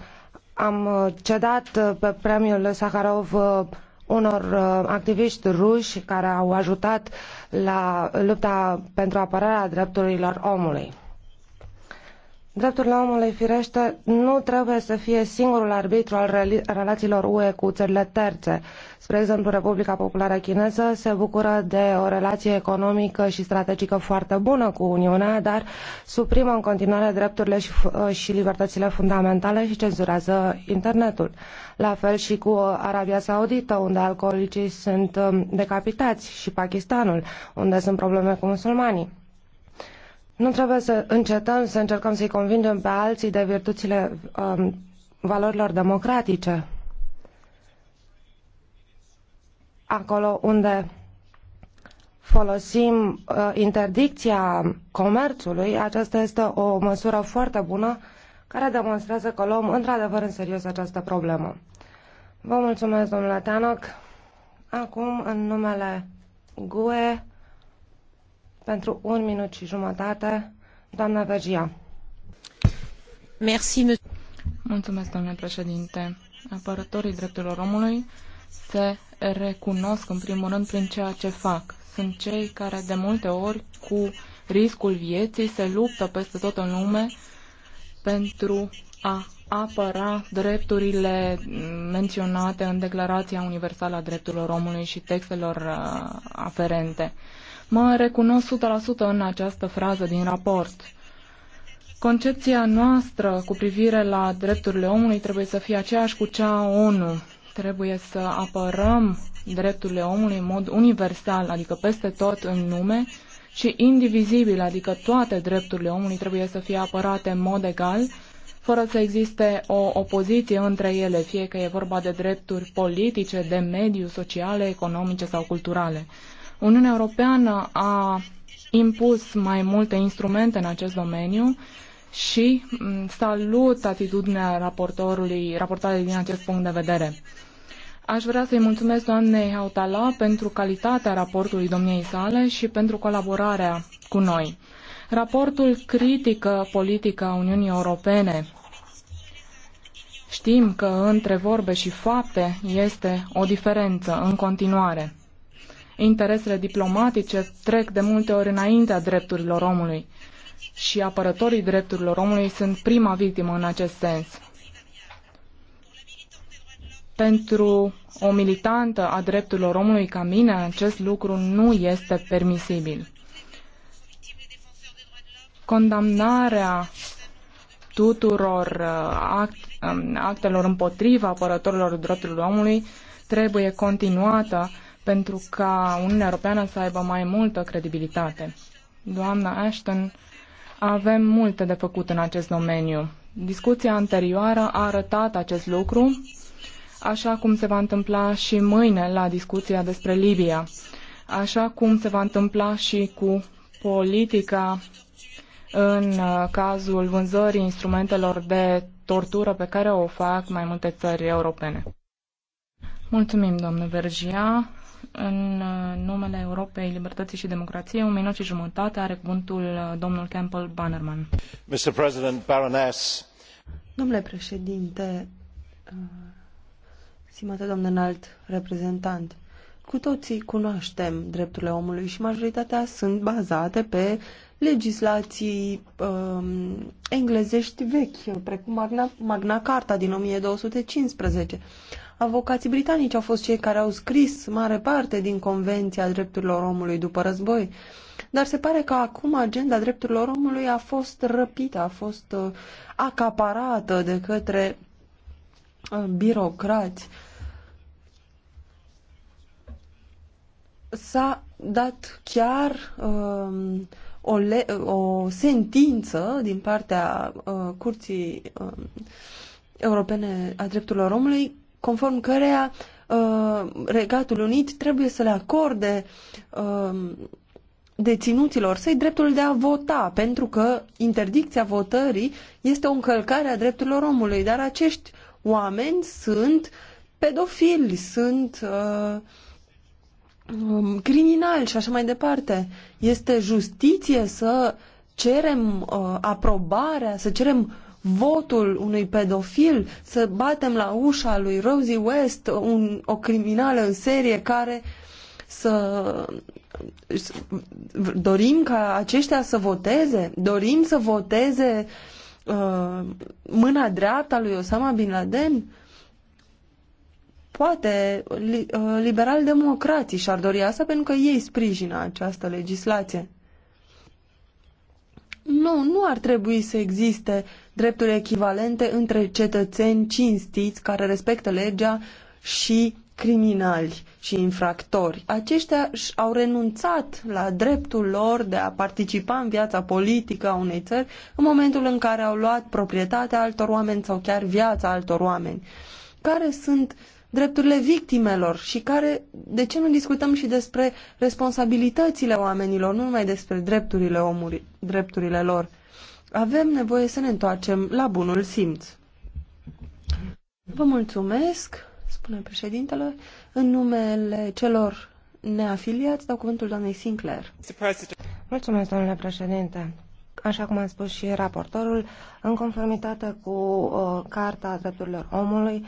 am cedat pe premiul Saharov uh, unor uh, activiști ruși care au ajutat la lupta pentru apărarea drepturilor omului. Drepturile omului, firește, nu trebuie să fie singurul arbitru al relațiilor UE cu țările terțe. Spre exemplu, Republica Populară Chineză se bucură de o relație economică și strategică foarte bună cu Uniunea, dar suprimă în continuare drepturile și, și libertățile fundamentale și cenzurează internetul. La fel și cu Arabia Saudită, unde alcoolicii sunt um, decapitați, și Pakistanul, unde sunt probleme cu musulmanii. Nu trebuie să încetăm să încercăm să-i convingem pe alții de virtuțile um, valorilor democratice. Acolo unde folosim uh, interdicția comerțului, aceasta este o măsură foarte bună care demonstrează că luăm într-adevăr în serios această problemă. Vă mulțumesc, domnule Tanoc. Acum, în numele GUE, pentru un minut și jumătate, doamna Vergia. Merci, Mulțumesc, domnule președinte. Apărătorii drepturilor omului se recunosc în primul rând prin ceea ce fac. Sunt cei care de multe ori cu riscul vieții se luptă peste tot în lume pentru a apăra drepturile menționate în Declarația Universală a Drepturilor Omului și textelor uh, aferente. Mă recunosc 100% în această frază din raport. Concepția noastră cu privire la drepturile omului trebuie să fie aceeași cu cea ONU. Trebuie să apărăm drepturile omului în mod universal, adică peste tot în lume, și indivizibil, adică toate drepturile omului trebuie să fie apărate în mod egal, fără să existe o opoziție între ele, fie că e vorba de drepturi politice, de mediu, sociale, economice sau culturale. Uniunea Europeană a impus mai multe instrumente în acest domeniu și mm, salut atitudinea raportorului, raportarea din acest punct de vedere. Aș vrea să-i mulțumesc doamnei Hautala pentru calitatea raportului domniei sale și pentru colaborarea cu noi. Raportul critică politica Uniunii Europene. Știm că între vorbe și fapte este o diferență în continuare. Interesele diplomatice trec de multe ori înaintea drepturilor omului și apărătorii drepturilor omului sunt prima victimă în acest sens. Pentru o militantă a drepturilor omului ca mine, acest lucru nu este permisibil. Condamnarea tuturor uh, act, um, actelor împotriva apărătorilor drepturilor omului trebuie continuată pentru ca Uniunea Europeană să aibă mai multă credibilitate. Doamna Ashton, avem multe de făcut în acest domeniu. Discuția anterioară a arătat acest lucru, așa cum se va întâmpla și mâine la discuția despre Libia, așa cum se va întâmpla și cu politica în uh, cazul vânzării instrumentelor de tortură pe care o fac mai multe țări europene. Mulțumim, doamnă Vergia în uh, numele Europei Libertății și Democrației, un minut și jumătate are cuvântul uh, domnul Campbell Bannerman. Mr. President, Baroness. Domnule președinte, uh, stimate domnul înalt reprezentant, cu toții cunoaștem drepturile omului și majoritatea sunt bazate pe legislații um, englezești vechi, precum Magna, Magna Carta din 1215. Avocații britanici au fost cei care au scris mare parte din Convenția Drepturilor Omului după război, dar se pare că acum agenda drepturilor omului a fost răpită, a fost uh, acaparată de către uh, birocrați. S-a dat chiar um, o, le- o sentință din partea uh, Curții um, Europene a Drepturilor Omului conform căreia uh, Regatul Unit trebuie să le acorde uh, deținuților săi dreptul de a vota, pentru că interdicția votării este o încălcare a drepturilor omului, dar acești oameni sunt pedofili, sunt uh, um, criminali și așa mai departe. Este justiție să cerem uh, aprobarea, să cerem votul unui pedofil, să batem la ușa lui Rosie West, un, o criminală în serie care să dorim ca aceștia să voteze, dorim să voteze uh, mâna dreaptă a lui Osama Bin Laden. Poate li, uh, liberal-democrații și-ar dori asta pentru că ei sprijină această legislație. Nu, nu ar trebui să existe drepturi echivalente între cetățeni cinstiți care respectă legea și criminali și infractori. Aceștia au renunțat la dreptul lor de a participa în viața politică a unei țări în momentul în care au luat proprietatea altor oameni sau chiar viața altor oameni. Care sunt uh, drepturile victimelor și care, de ce nu discutăm și despre responsabilitățile oamenilor, nu numai despre drepturile omului, drepturile lor. Avem nevoie să ne întoarcem la bunul simț. Vă mulțumesc, spune președintele, în numele celor neafiliați, dau cuvântul doamnei Sinclair. Mulțumesc, domnule președinte așa cum a spus și raportorul, în conformitate cu uh, Carta Drepturilor Omului,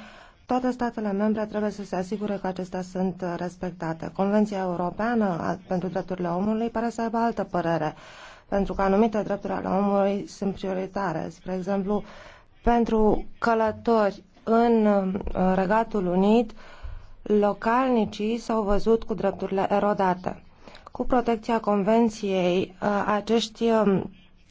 toate statele membre trebuie să se asigure că acestea sunt respectate. Convenția Europeană pentru Drepturile Omului pare să aibă altă părere, pentru că anumite drepturi ale omului sunt prioritare. Spre exemplu, pentru călători în Regatul Unit, localnicii s-au văzut cu drepturile erodate. Cu protecția Convenției, acești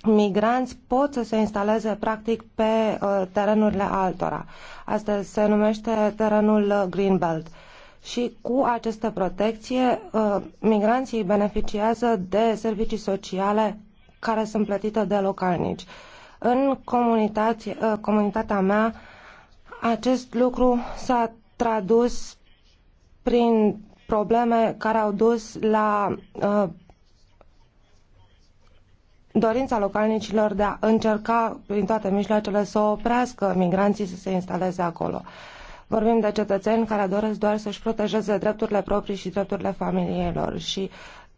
migranți pot să se instaleze practic pe uh, terenurile altora. Asta se numește terenul Greenbelt. Și cu această protecție, uh, migranții beneficiază de servicii sociale care sunt plătite de localnici. În uh, comunitatea mea, acest lucru s-a tradus prin probleme care au dus la dorința localnicilor de a încerca prin toate mijloacele să oprească migranții să se instaleze acolo. Vorbim de cetățeni care doresc doar să-și protejeze drepturile proprii și drepturile familiilor și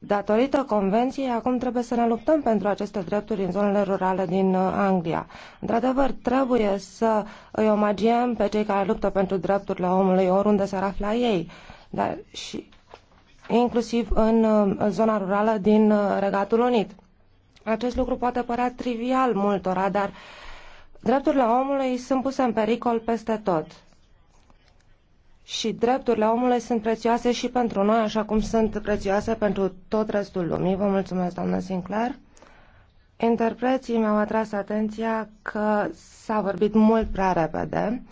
Datorită convenției, acum trebuie să ne luptăm pentru aceste drepturi în zonele rurale din uh, Anglia. Într-adevăr, trebuie să îi omagiem pe cei care luptă pentru drepturile omului oriunde s-ar afla ei, dar și inclusiv în uh, zona rurală din uh, Regatul Unit. Acest lucru poate părea trivial multora, dar drepturile omului sunt puse în pericol peste tot. Și drepturile omului sunt prețioase și pentru noi, așa cum sunt prețioase pentru tot restul lumii. Vă mulțumesc, doamnă Sinclair. Interpreții mi-au atras atenția că s-a vorbit mult prea repede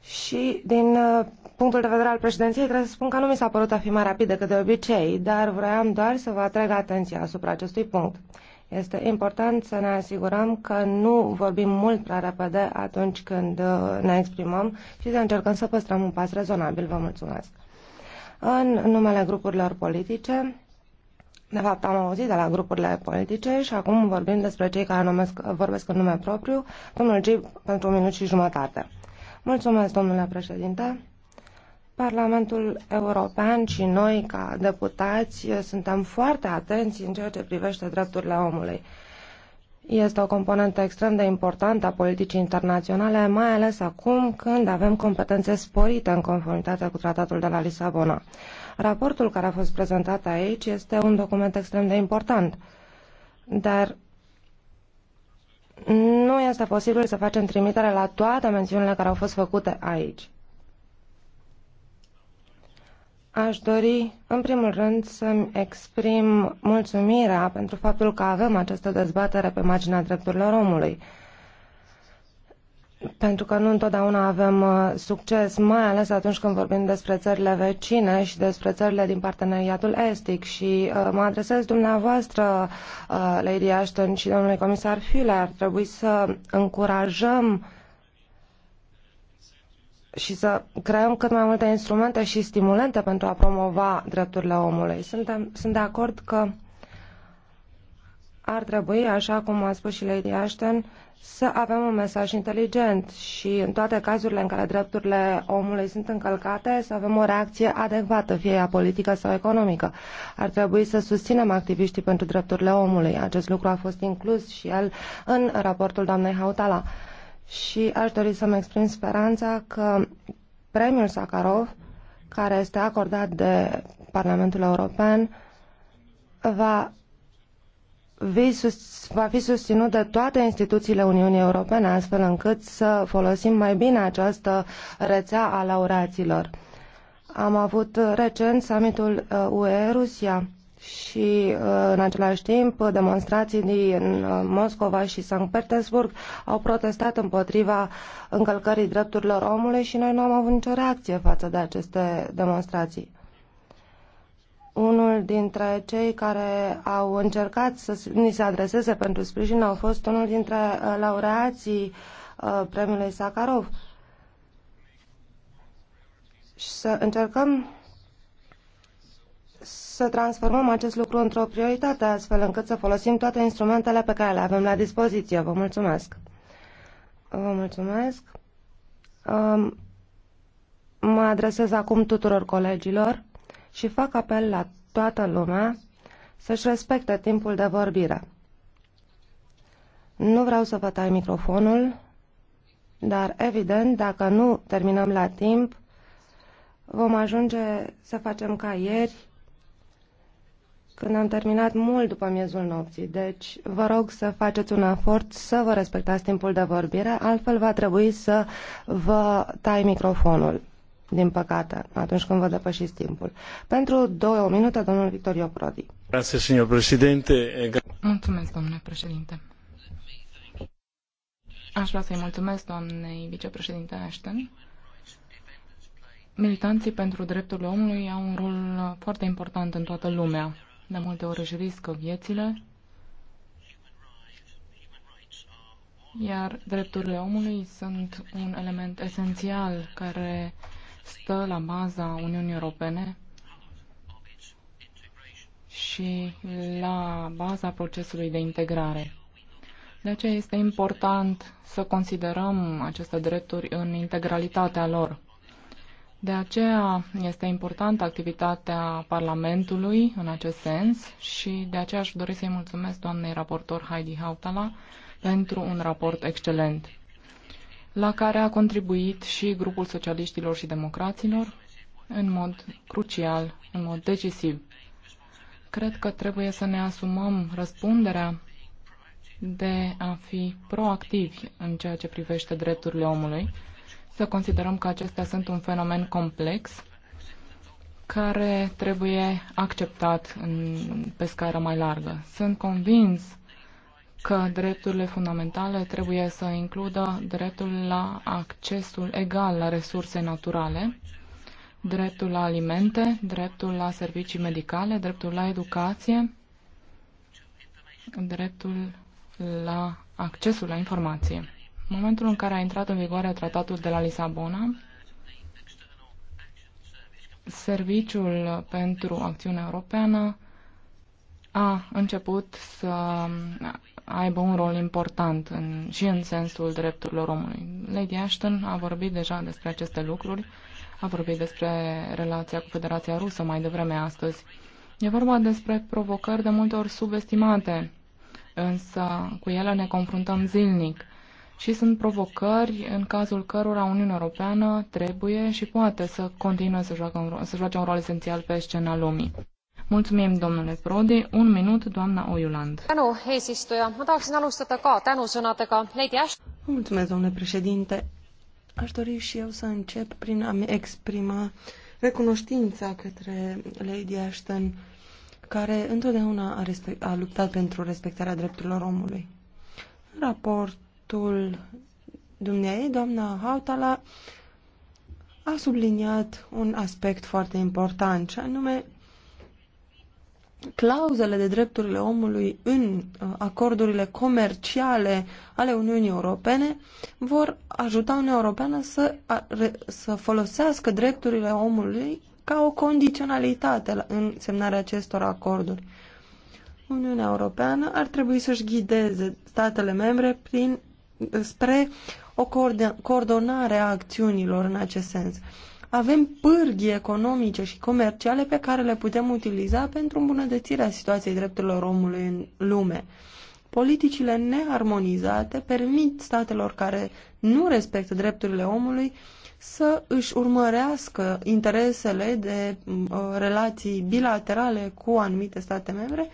și din uh, punctul de vedere al președinției, trebuie să spun că nu mi s-a părut a fi mai rapid decât de obicei, dar vreau doar să vă atrag atenția asupra acestui punct. Este important să ne asigurăm că nu vorbim mult prea repede atunci când uh, ne exprimăm și să încercăm să păstrăm un pas rezonabil. Vă mulțumesc. În numele grupurilor politice, de fapt, am auzit de la grupurile politice și acum vorbim despre cei care numesc, vorbesc în nume propriu. Domnul Gib, pentru un minut și jumătate. Mulțumesc, domnule președinte. Parlamentul European și noi, ca deputați, suntem foarte atenți în ceea ce privește drepturile omului. Este o componentă extrem de importantă a politicii internaționale, mai ales acum când avem competențe sporite în conformitate cu Tratatul de la Lisabona. Raportul care a fost prezentat aici este un document extrem de important, dar nu este posibil să facem trimitere la toate mențiunile care au fost făcute aici. Aș dori, în primul rând, să-mi exprim mulțumirea pentru faptul că avem această dezbatere pe marginea drepturilor omului. Pentru că nu întotdeauna avem uh, succes, mai ales atunci când vorbim despre țările vecine și despre țările din parteneriatul estic. Și uh, mă adresez dumneavoastră, uh, Lady Ashton și domnului comisar Fuller, ar trebui să încurajăm și să creăm cât mai multe instrumente și stimulente pentru a promova drepturile omului. Suntem, sunt de acord că ar trebui, așa cum a spus și Lady Ashton, să avem un mesaj inteligent și în toate cazurile în care drepturile omului sunt încălcate să avem o reacție adecvată, fie ea politică sau economică. Ar trebui să susținem activiștii pentru drepturile omului. Acest lucru a fost inclus și el în raportul doamnei Hautala și aș dori să-mi exprim speranța că premiul Sakharov, care este acordat de Parlamentul European, va va fi susținut de toate instituțiile Uniunii Europene, astfel încât să folosim mai bine această rețea a laureaților. Am avut recent summitul uh, UE-Rusia și uh, în același timp demonstrații din uh, Moscova și Sankt Petersburg au protestat împotriva încălcării drepturilor omului și noi nu am avut nicio reacție față de aceste demonstrații. Unul dintre cei care au încercat să ni se adreseze pentru sprijin au fost unul dintre uh, laureații premiului Sakharov. Și să încercăm să transformăm acest lucru într-o prioritate, astfel încât să folosim toate instrumentele pe care le avem la dispoziție. Vă mulțumesc! Vă mulțumesc! Mă adresez acum tuturor colegilor și fac apel la toată lumea să-și respecte timpul de vorbire. Nu vreau să vă tai microfonul, dar evident, dacă nu terminăm la timp, vom ajunge să facem ca ieri când am terminat mult după miezul nopții, deci vă rog să faceți un efort să vă respectați timpul de vorbire, altfel va trebui să vă tai microfonul, din păcate, atunci când vă depășiți timpul. Pentru două minute, domnul Victor Prodi. Mulțumesc, domnule președinte. Aș vrea să-i mulțumesc doamnei vicepreședinte Ashton militanții pentru drepturile omului au un rol foarte important în toată lumea de multe ori își riscă viețile, iar drepturile omului sunt un element esențial care stă la baza Uniunii Europene și la baza procesului de integrare. De aceea este important să considerăm aceste drepturi în integralitatea lor. De aceea este importantă activitatea Parlamentului în acest sens și de aceea aș dori să-i mulțumesc doamnei raportor Heidi Hautala pentru un raport excelent, la care a contribuit și grupul socialiștilor și democraților în mod crucial, în mod decisiv. Cred că trebuie să ne asumăm răspunderea de a fi proactivi în ceea ce privește drepturile omului să considerăm că acestea sunt un fenomen complex care trebuie acceptat în, pe scară mai largă. Sunt convins că drepturile fundamentale trebuie să includă dreptul la accesul egal la resurse naturale, dreptul la alimente, dreptul la servicii medicale, dreptul la educație, dreptul la accesul la informație. În momentul în care a intrat în vigoare tratatul de la Lisabona, Serviciul pentru Acțiune Europeană a început să aibă un rol important în, și în sensul drepturilor omului. Lady Ashton a vorbit deja despre aceste lucruri, a vorbit despre relația cu Federația Rusă mai devreme astăzi. E vorba despre provocări de multe ori subestimate, însă cu ele ne confruntăm zilnic și sunt provocări în cazul cărora Uniunea Europeană trebuie și poate să continue să, joacă un, să joace un rol esențial pe scena lumii. Mulțumim, domnule Prodi. Un minut, doamna Oiuland. Mulțumesc, domnule președinte. Aș dori și eu să încep prin a-mi exprima recunoștința către Lady Ashton, care întotdeauna a, respect, a luptat pentru respectarea drepturilor omului. În raport preotul dumneai, doamna Hautala, a subliniat un aspect foarte important, și anume clauzele de drepturile omului în uh, acordurile comerciale ale Uniunii Europene vor ajuta Uniunea Europeană să, să folosească drepturile omului ca o condiționalitate în semnarea acestor acorduri. Uniunea Europeană ar trebui să-și ghideze statele membre prin spre o coordonare a acțiunilor în acest sens. Avem pârghii economice și comerciale pe care le putem utiliza pentru îmbunătățirea situației drepturilor omului în lume. Politicile nearmonizate permit statelor care nu respectă drepturile omului să își urmărească interesele de uh, relații bilaterale cu anumite state membre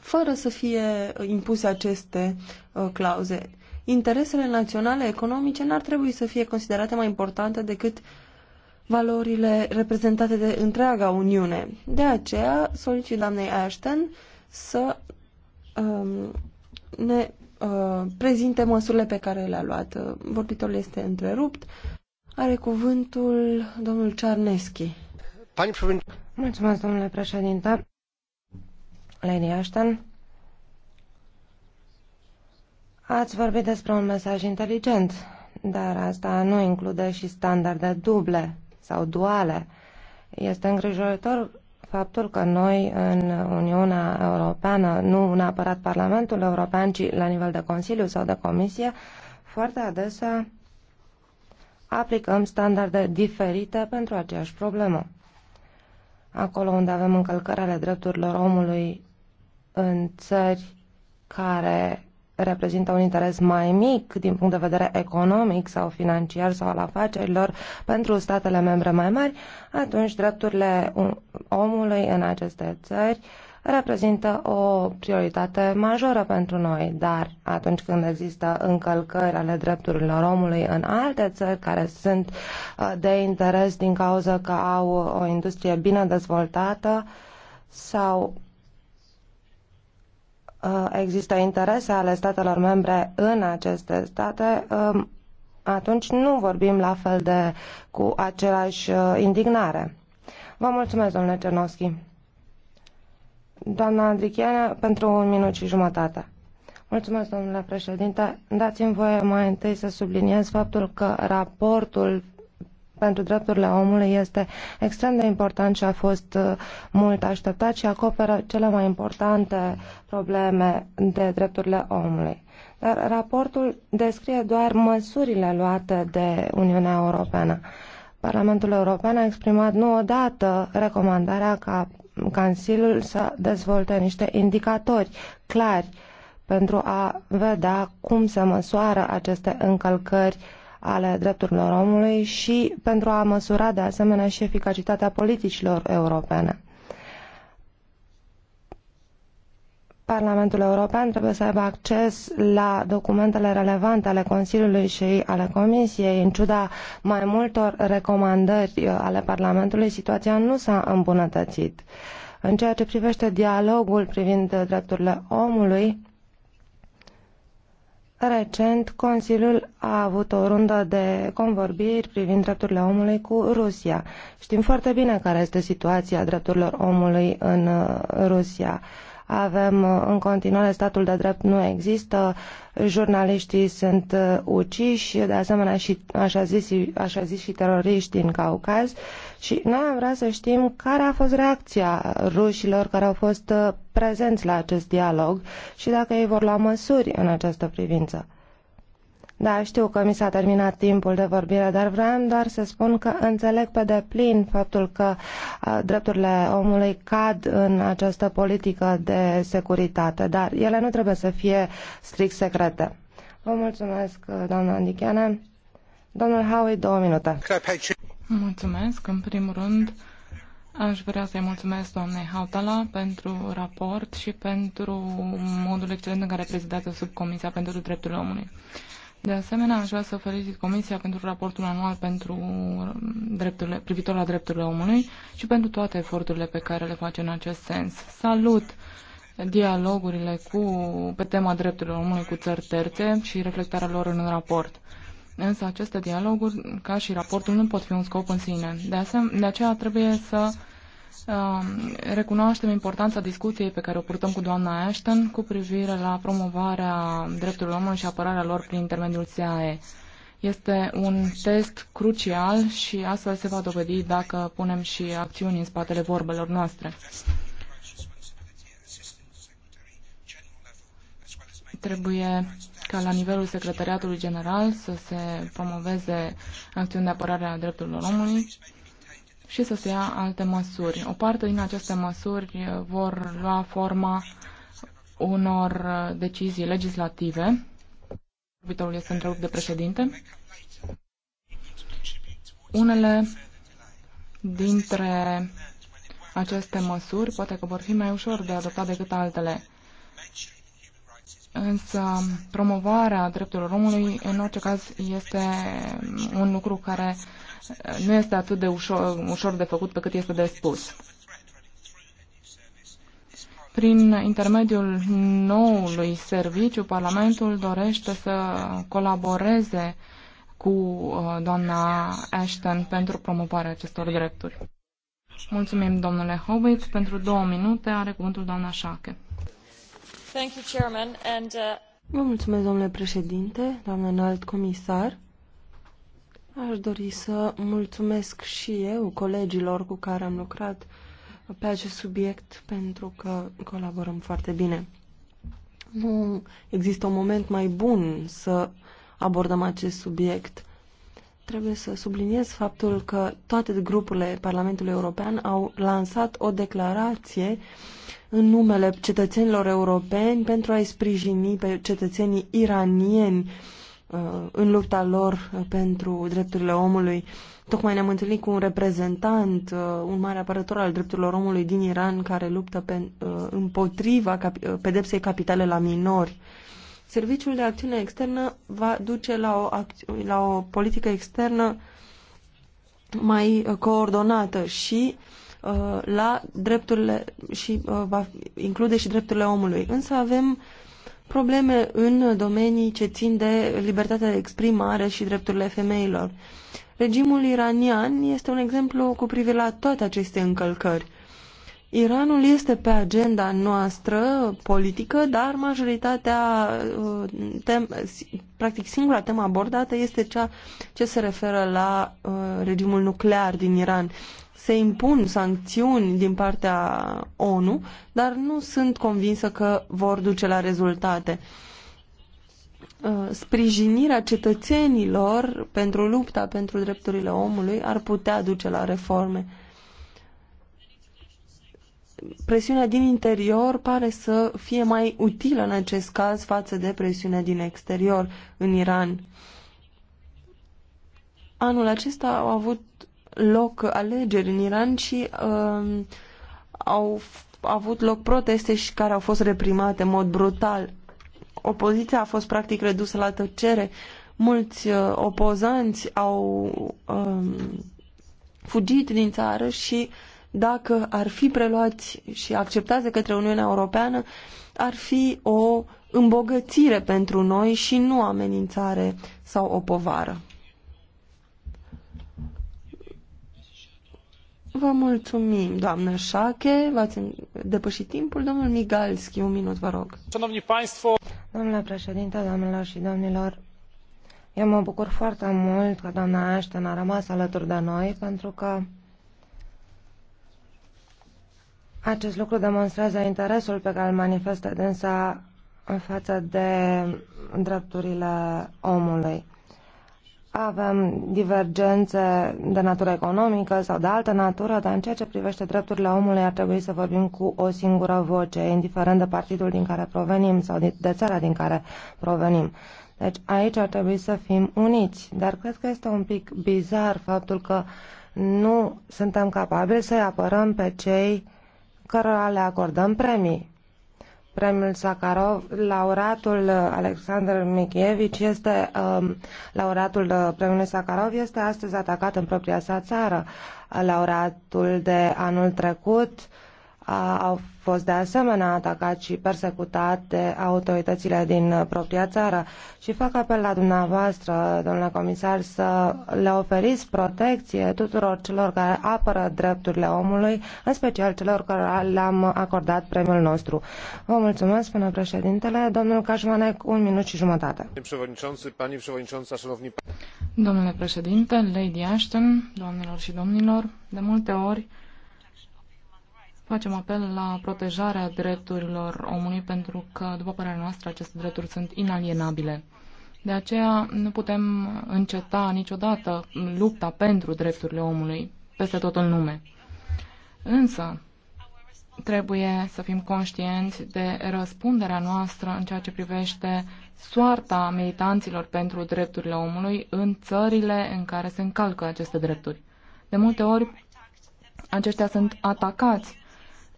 fără să fie uh, impuse aceste uh, clauze. Interesele naționale economice n-ar trebui să fie considerate mai importante decât valorile reprezentate de întreaga Uniune. De aceea solicit doamnei Ashton să um, ne uh, prezinte măsurile pe care le-a luat. Uh, vorbitorul este întrerupt. Are cuvântul domnul Cearneschi. Mulțumesc, domnule președinte. Lady Ashton, ați vorbit despre un mesaj inteligent, dar asta nu include și standarde duble sau duale. Este îngrijorător faptul că noi în Uniunea Europeană, nu neapărat Parlamentul European, ci la nivel de Consiliu sau de Comisie, foarte adesea aplicăm standarde diferite pentru aceeași problemă. Acolo unde avem încălcări ale drepturilor omului în țări care reprezintă un interes mai mic din punct de vedere economic sau financiar sau al afacerilor pentru statele membre mai mari, atunci drepturile omului în aceste țări reprezintă o prioritate majoră pentru noi, dar atunci când există încălcări ale drepturilor omului în alte țări care sunt uh, de interes din cauza că au o industrie bine dezvoltată sau Uh, există interese ale statelor membre în aceste state, um, atunci nu vorbim la fel de cu aceeași uh, indignare. Vă mulțumesc, domnule Cernoschi. Doamna Andrichiană, pentru un minut și jumătate. Mulțumesc, domnule președinte. Dați-mi voie mai întâi să subliniez faptul că raportul pentru drepturile omului este extrem de important și a fost uh, mult așteptat și acoperă cele mai importante probleme de drepturile omului. Dar raportul descrie doar măsurile luate de Uniunea Europeană. Parlamentul European a exprimat nu odată recomandarea ca Consiliul să dezvolte niște indicatori clari pentru a vedea cum se măsoară aceste încălcări uh, ale drepturilor omului și pentru a măsura de asemenea și eficacitatea politicilor europene. Parlamentul European trebuie să aibă acces la documentele relevante ale Consiliului și ale Comisiei. În ciuda mai multor recomandări uh, ale Parlamentului, situația nu s-a îmbunătățit. În ceea ce privește dialogul privind drepturile omului, Recent, Consiliul a avut o rundă de convorbiri privind drepturile omului cu Rusia. Știm foarte bine care este situația drepturilor omului în uh, Rusia. Avem uh, în continuare statul de drept nu există, jurnaliștii sunt uh, uciși, de asemenea și așa zis, așa zis și teroriști din Caucaz. Uh, și noi am vrea să știm care a fost reacția rușilor care au fost uh, prezenți la acest dialog și dacă ei vor lua măsuri în această privință. Da, știu că mi s-a terminat timpul de vorbire, dar vreau doar să spun că înțeleg pe deplin faptul că uh, drepturile omului cad în această politică de securitate, dar ele nu trebuie să fie strict secrete. Vă mulțumesc, uh, doamna Andichiane. Domnul Howie, două minute. Mulțumesc. În primul rând, aș vrea să-i mulțumesc doamnei Hautala pentru raport și pentru modul excelent în care prezidează subcomisia pentru drepturile omului. De asemenea, aș vrea să felicit Comisia pentru raportul anual pentru drepturile, privitor la drepturile omului și pentru toate eforturile pe care le face în acest sens. Salut dialogurile cu, pe tema drepturilor omului cu țări terțe și reflectarea lor în raport. Însă aceste dialoguri, ca și raportul, nu pot fi un scop în sine. De, asem- de aceea trebuie să uh, recunoaștem importanța discuției pe care o purtăm cu doamna Ashton cu privire la promovarea drepturilor omului și apărarea lor prin intermediul CAE. Este un test crucial și astfel se va dovedi dacă punem și acțiuni în spatele vorbelor noastre. Trebuie ca la nivelul Secretariatului General să se promoveze acțiuni de apărare a drepturilor omului și să se ia alte măsuri. O parte din aceste măsuri eh, vor lua forma unor eh, decizii legislative. Vitorul este întrerupt de președinte. Unele dintre aceste măsuri poate că vor fi mai ușor de adoptat decât altele. Însă promovarea drepturilor omului, în orice caz, este un lucru care uh, nu este atât de ușor, ușor de făcut pe cât este de spus. Prin intermediul noului serviciu, Parlamentul dorește să colaboreze cu uh, doamna Ashton pentru promovarea acestor drepturi. Mulțumim, domnule Hobbit. Pentru două minute are cuvântul doamna Șache. Uh, Vă mulțumesc, domnule președinte, doamnă înalt comisar. Aș dori să mulțumesc și eu colegilor cu care am lucrat pe acest subiect pentru că colaborăm foarte bine. Nu există un moment mai bun să abordăm acest subiect Trebuie să subliniez faptul că toate grupurile Parlamentului European au lansat o declarație în numele cetățenilor europeni pentru a-i sprijini pe cetățenii iranieni uh, în lupta lor uh, pentru drepturile omului. Tocmai ne-am întâlnit cu un reprezentant, uh, un mare apărător al drepturilor omului din Iran care luptă pe, împotriva pedepsei capitale la minori. Serviciul de acțiune externă va duce la o, la o politică externă mai uh, coordonată și uh, la drepturile și uh, va include și drepturile omului. Însă avem probleme în domenii ce țin de libertatea de exprimare și drepturile femeilor. Regimul iranian este un exemplu cu privire la toate aceste încălcări. Iranul este pe agenda noastră politică, dar majoritatea, uh, tem, practic singura temă abordată este cea ce se referă la uh, regimul nuclear din Iran. Se impun sancțiuni din partea ONU, dar nu sunt convinsă că vor duce la rezultate. Uh, sprijinirea cetățenilor pentru lupta pentru drepturile omului ar putea duce la reforme presiunea din interior pare să fie mai utilă în acest caz față de presiunea din exterior în Iran. Anul acesta au avut loc alegeri în Iran și uh, au avut loc proteste și care au fost reprimate în mod brutal. Opoziția a fost practic redusă la tăcere. Mulți uh, opozanți au uh, fugit din țară și uh, dacă ar fi preluați și acceptați de către Uniunea Europeană, ar fi o îmbogățire pentru noi și nu amenințare sau o povară. Vă mulțumim, doamnă Șache. V-ați depășit timpul. Domnul Migalski, un minut, vă rog. Domnule președinte, doamnelor și domnilor, eu mă bucur foarte mult că doamna Ashton a rămas alături de noi pentru că acest lucru demonstrează interesul pe care îl manifestă dânsa în față de drepturile omului. Avem divergențe de natură economică sau de altă natură, dar în ceea ce privește drepturile omului ar trebui să vorbim cu o singură voce, indiferent de partidul din care provenim sau de țara din care provenim. Deci aici ar trebui să fim uniți, dar cred că este un pic bizar faptul că nu suntem capabili să-i apărăm pe cei cărora le acordăm premii. Premiul Sakharov, laureatul Alexander Mikievici este um, laureatul uh, premiului Sakharov este astăzi atacat în propria sa țară. Laureatul de anul trecut uh, au fost de asemenea atacat și persecutate de autoritățile din propria țară și fac apel la dumneavoastră, domnule comisar, să le oferiți protecție tuturor celor care apără drepturile omului, în special celor care le-am acordat premiul nostru. Vă mulțumesc, până președintele. Domnul Cașmanec, un minut și jumătate. Domnule președinte, Lady Ashton, doamnelor și domnilor, de multe ori Facem apel la protejarea drepturilor omului pentru că, după părerea noastră, aceste drepturi sunt inalienabile. De aceea nu putem înceta niciodată lupta pentru drepturile omului peste tot în lume. Însă, trebuie să fim conștienți de răspunderea noastră în ceea ce privește soarta militanților pentru drepturile omului în țările în care se încalcă aceste drepturi. De multe ori, aceștia sunt atacați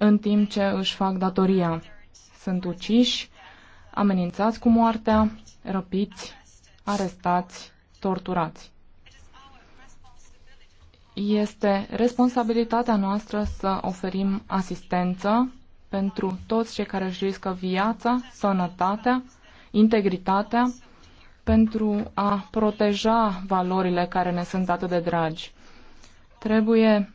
în timp ce își fac datoria. Sunt uciși, amenințați cu moartea, răpiți, arestați, torturați. Este responsabilitatea noastră să oferim asistență pentru toți cei care își riscă viața, sănătatea, integritatea, pentru a proteja valorile care ne sunt atât de dragi. Trebuie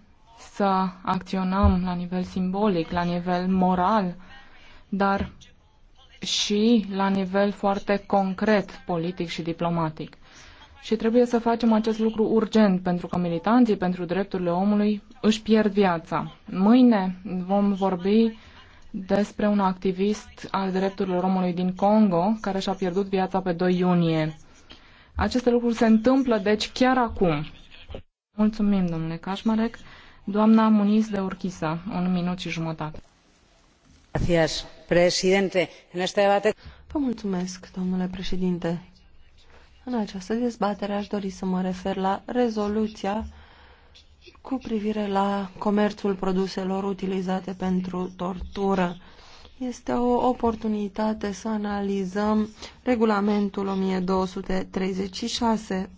să acționăm la nivel simbolic, la nivel moral, dar și la nivel foarte concret, politic și diplomatic. Și trebuie să facem acest lucru urgent, pentru că militanții pentru drepturile omului își pierd viața. Mâine vom vorbi despre un activist al drepturilor omului din Congo, care și-a pierdut viața pe 2 iunie. Aceste lucruri se întâmplă, deci, chiar acum. Mulțumim, domnule Kașmarek. Doamna Muniz de Urquiza, un minut și jumătate. Vă mulțumesc, domnule președinte. În această dezbatere aș dori să mă refer la rezoluția cu privire la comerțul produselor utilizate pentru tortură. Este o oportunitate să analizăm regulamentul 1236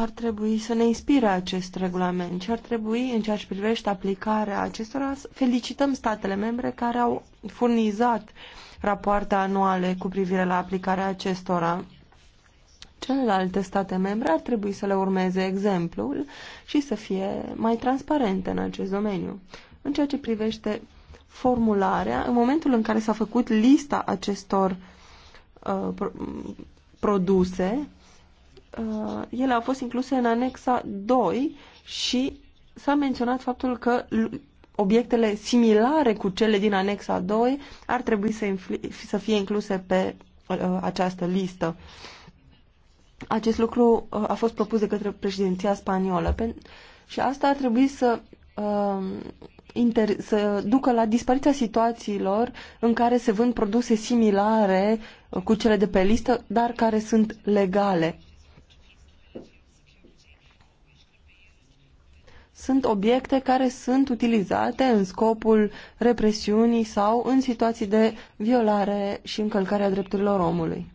ar trebui să ne inspire acest regulament și ar trebui, în ceea ce privește aplicarea acestora, să felicităm statele membre care au furnizat rapoarte anuale cu privire la aplicarea acestora. Celelalte state membre ar trebui să le urmeze exemplul și să fie mai transparente în acest domeniu. În ceea ce privește formularea, în momentul în care s-a făcut lista acestor uh, produse, uh, ele au fost incluse în anexa 2 și s-a menționat faptul că obiectele similare cu cele din anexa 2 ar trebui să, să fie incluse pe uh, această listă. Acest lucru uh, a fost propus de către președinția spaniolă pe, și asta ar trebui să, uh, inter, să ducă la dispariția situațiilor în care se vând produse similare uh, cu cele de pe listă, dar care sunt legale. sunt obiecte care sunt utilizate în scopul represiunii sau în situații de violare și încălcare a drepturilor omului.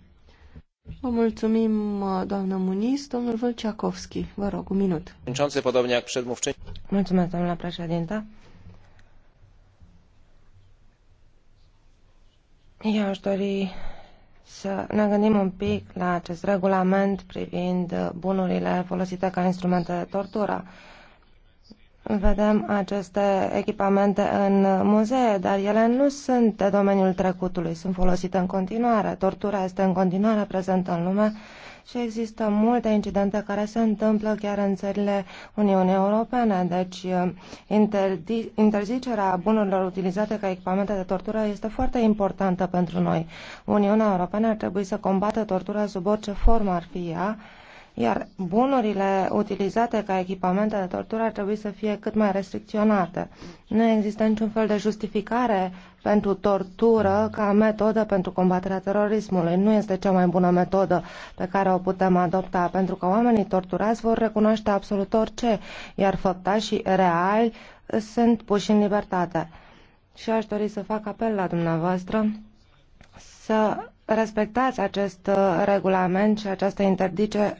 Vă mulțumim, uh, doamnă Muniz. Domnul Vâlceacovski, vă rog, un minut. Mulțumesc, doamna președinte. Eu aș dori să ne gândim un pic la acest regulament privind bunurile folosite ca instrumente de tortură Vedem aceste echipamente în muzee, dar ele nu sunt de domeniul trecutului, sunt folosite în continuare. Tortura este în continuare prezentă în lume și există multe incidente care se întâmplă chiar în țările Uniunii Europene. Deci interzicerea bunurilor utilizate ca echipamente de tortură este foarte importantă pentru noi. Uniunea Europeană ar trebui să combată tortura sub orice formă ar fi ea iar bunurile utilizate ca echipamente de tortură ar trebui să fie cât mai restricționate. Nu există niciun fel de justificare pentru tortură ca metodă pentru combaterea terorismului. Nu este cea mai bună metodă pe care o putem adopta, pentru că oamenii torturați vor recunoaște absolut orice, iar făptașii reali sunt puși în libertate. Și aș dori să fac apel la dumneavoastră să respectați acest uh, regulament și această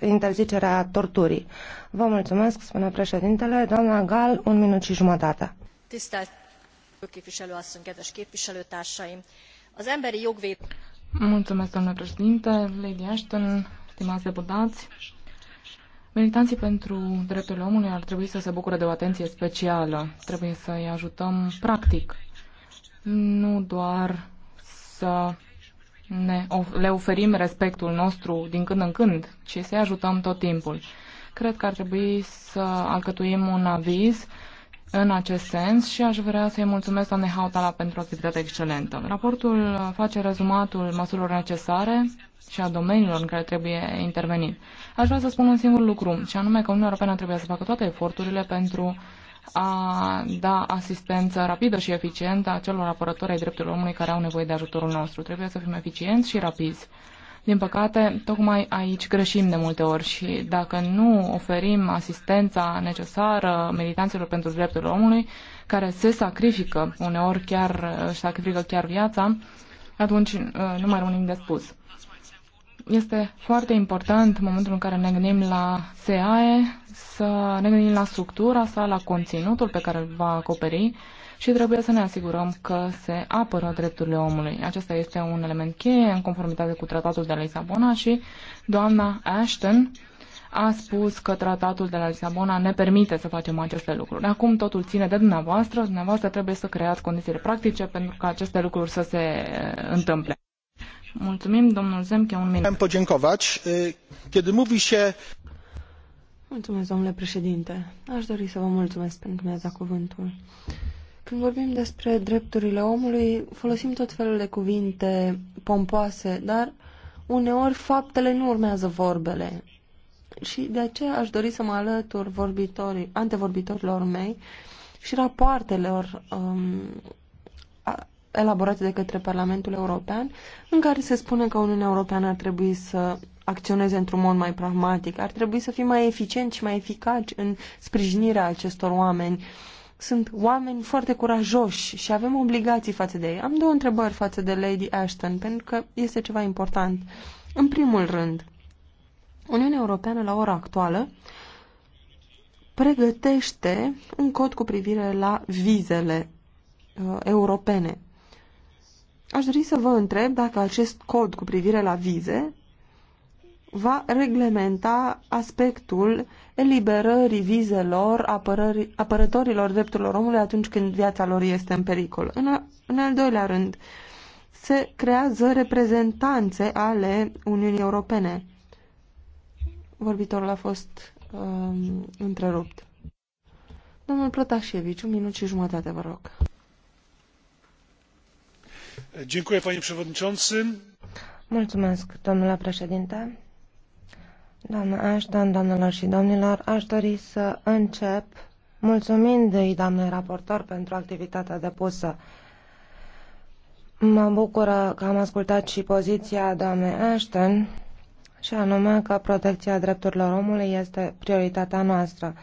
interzicere a torturii. Vă mulțumesc, spune președintele. Doamna Gal, un minut și jumătate. Tisztelt asszony kedves képviselőtársaim! Az emberi jogvéd... Mulțumesc, doamna președinte, Lady Ashton, stimați deputați. Militanții pentru drepturile omului ar trebui să se bucure de o atenție specială. Trebuie să-i ajutăm practic, nu doar să ne, le oferim respectul nostru din când în când, și să-i ajutăm tot timpul. Cred că ar trebui să alcătuim un aviz în acest sens și aș vrea să-i mulțumesc doamne Hautala pentru activitatea excelentă. Raportul face rezumatul măsurilor necesare și a domeniilor în care trebuie intervenit. Aș vrea să spun un singur lucru, și anume că Uniunea Europeană trebuie să facă toate eforturile pentru a da asistență rapidă și eficientă a celor apărători ai drepturilor omului care au nevoie de ajutorul nostru. Trebuie să fim eficienți și rapizi. Din păcate, tocmai aici greșim de multe ori și dacă nu oferim asistența necesară militanților pentru drepturile omului, care se sacrifică, uneori chiar își sacrifică chiar viața, atunci uh, nu mai rămânim de spus. Este foarte important în momentul în care ne gândim la SEAE să ne gândim la structura sa, la conținutul pe care îl va acoperi și trebuie să ne asigurăm că se apără drepturile omului. Acesta este un element cheie în conformitate cu tratatul de la Lisabona și doamna Ashton a spus că tratatul de la Lisabona ne permite să facem aceste lucruri. Acum totul ține de dumneavoastră, dumneavoastră trebuie să creați condițiile practice pentru ca aceste lucruri să se uh, întâmple. Mulțumim, podziękować. Kiedy mówi się... Mulțumesc, domnule președinte. Aș dori să vă mulțumesc pentru că mi-ați dat cuvântul. Când vorbim despre drepturile omului, folosim tot felul de cuvinte pompoase, dar uneori faptele nu urmează vorbele. Și de aceea aș dori să mă alătur vorbitorii, antevorbitorilor mei și rapoartelor um, elaborate de către Parlamentul European, în care se spune că Uniunea Europeană ar trebui să acționeze într-un mod mai pragmatic, ar trebui să fie mai eficient și mai eficaci în sprijinirea acestor oameni. Sunt oameni foarte curajoși și avem obligații față de ei. Am două întrebări față de Lady Ashton, pentru că este ceva important. În primul rând, Uniunea Europeană la ora actuală pregătește un cod cu privire la vizele uh, europene. Aș dori să vă întreb dacă acest cod cu privire la vize va reglementa aspectul eliberării vizelor apărări, apărătorilor drepturilor omului atunci când viața lor este în pericol. În, a, în al doilea rând, se creează reprezentanțe ale Uniunii Europene. Vorbitorul a fost um, întrerupt. Domnul Protașevici, un minut și jumătate, vă rog. Mulțumesc, domnule președinte. Doamna Ashton, doamnelor și domnilor, aș dori să încep mulțumind i doamnei raportor pentru activitatea depusă. Mă bucură că am ascultat și poziția doamnei Ashton și anume că protecția drepturilor omului este prioritatea noastră.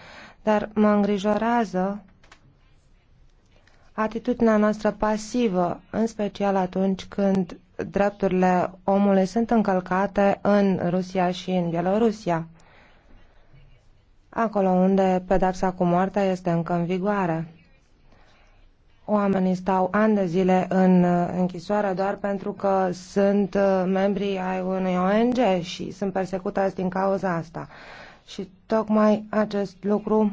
Dar mă îngrijorează Atitudinea noastră pasivă, în special atunci când drepturile omului sunt încălcate în Rusia și în Bielorusia, acolo unde pedapsa cu moartea este încă în vigoare. Oamenii stau ani de zile în închisoare doar pentru că sunt membri ai unui ONG și sunt persecutați din cauza asta. Și tocmai acest lucru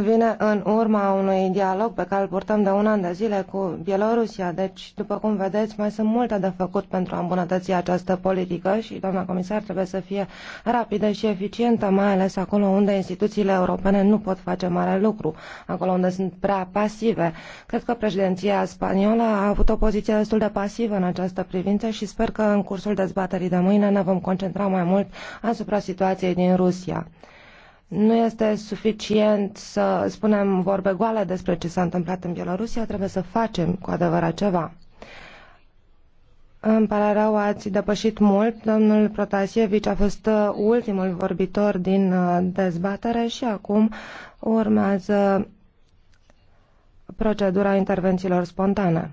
vine în urma unui dialog pe care îl purtăm de un an de zile cu Bielorusia. Deci, după cum vedeți, mai sunt multe de făcut pentru a îmbunătăți această politică și, doamna comisar, trebuie să fie rapidă și eficientă, mai ales acolo unde instituțiile europene nu pot face mare lucru, acolo unde sunt prea pasive. Cred că președinția spaniolă a avut o poziție destul de pasivă în această privință și sper că în cursul dezbaterii de mâine ne vom concentra mai mult asupra situației din Rusia. Nu este suficient să spunem vorbe goale despre ce s-a întâmplat în Bielorusia, trebuie să facem cu adevărat ceva. Îmi pare rău, ați depășit mult. Domnul Protasievici a fost uh, ultimul vorbitor din uh, dezbatere și acum urmează procedura intervențiilor spontane.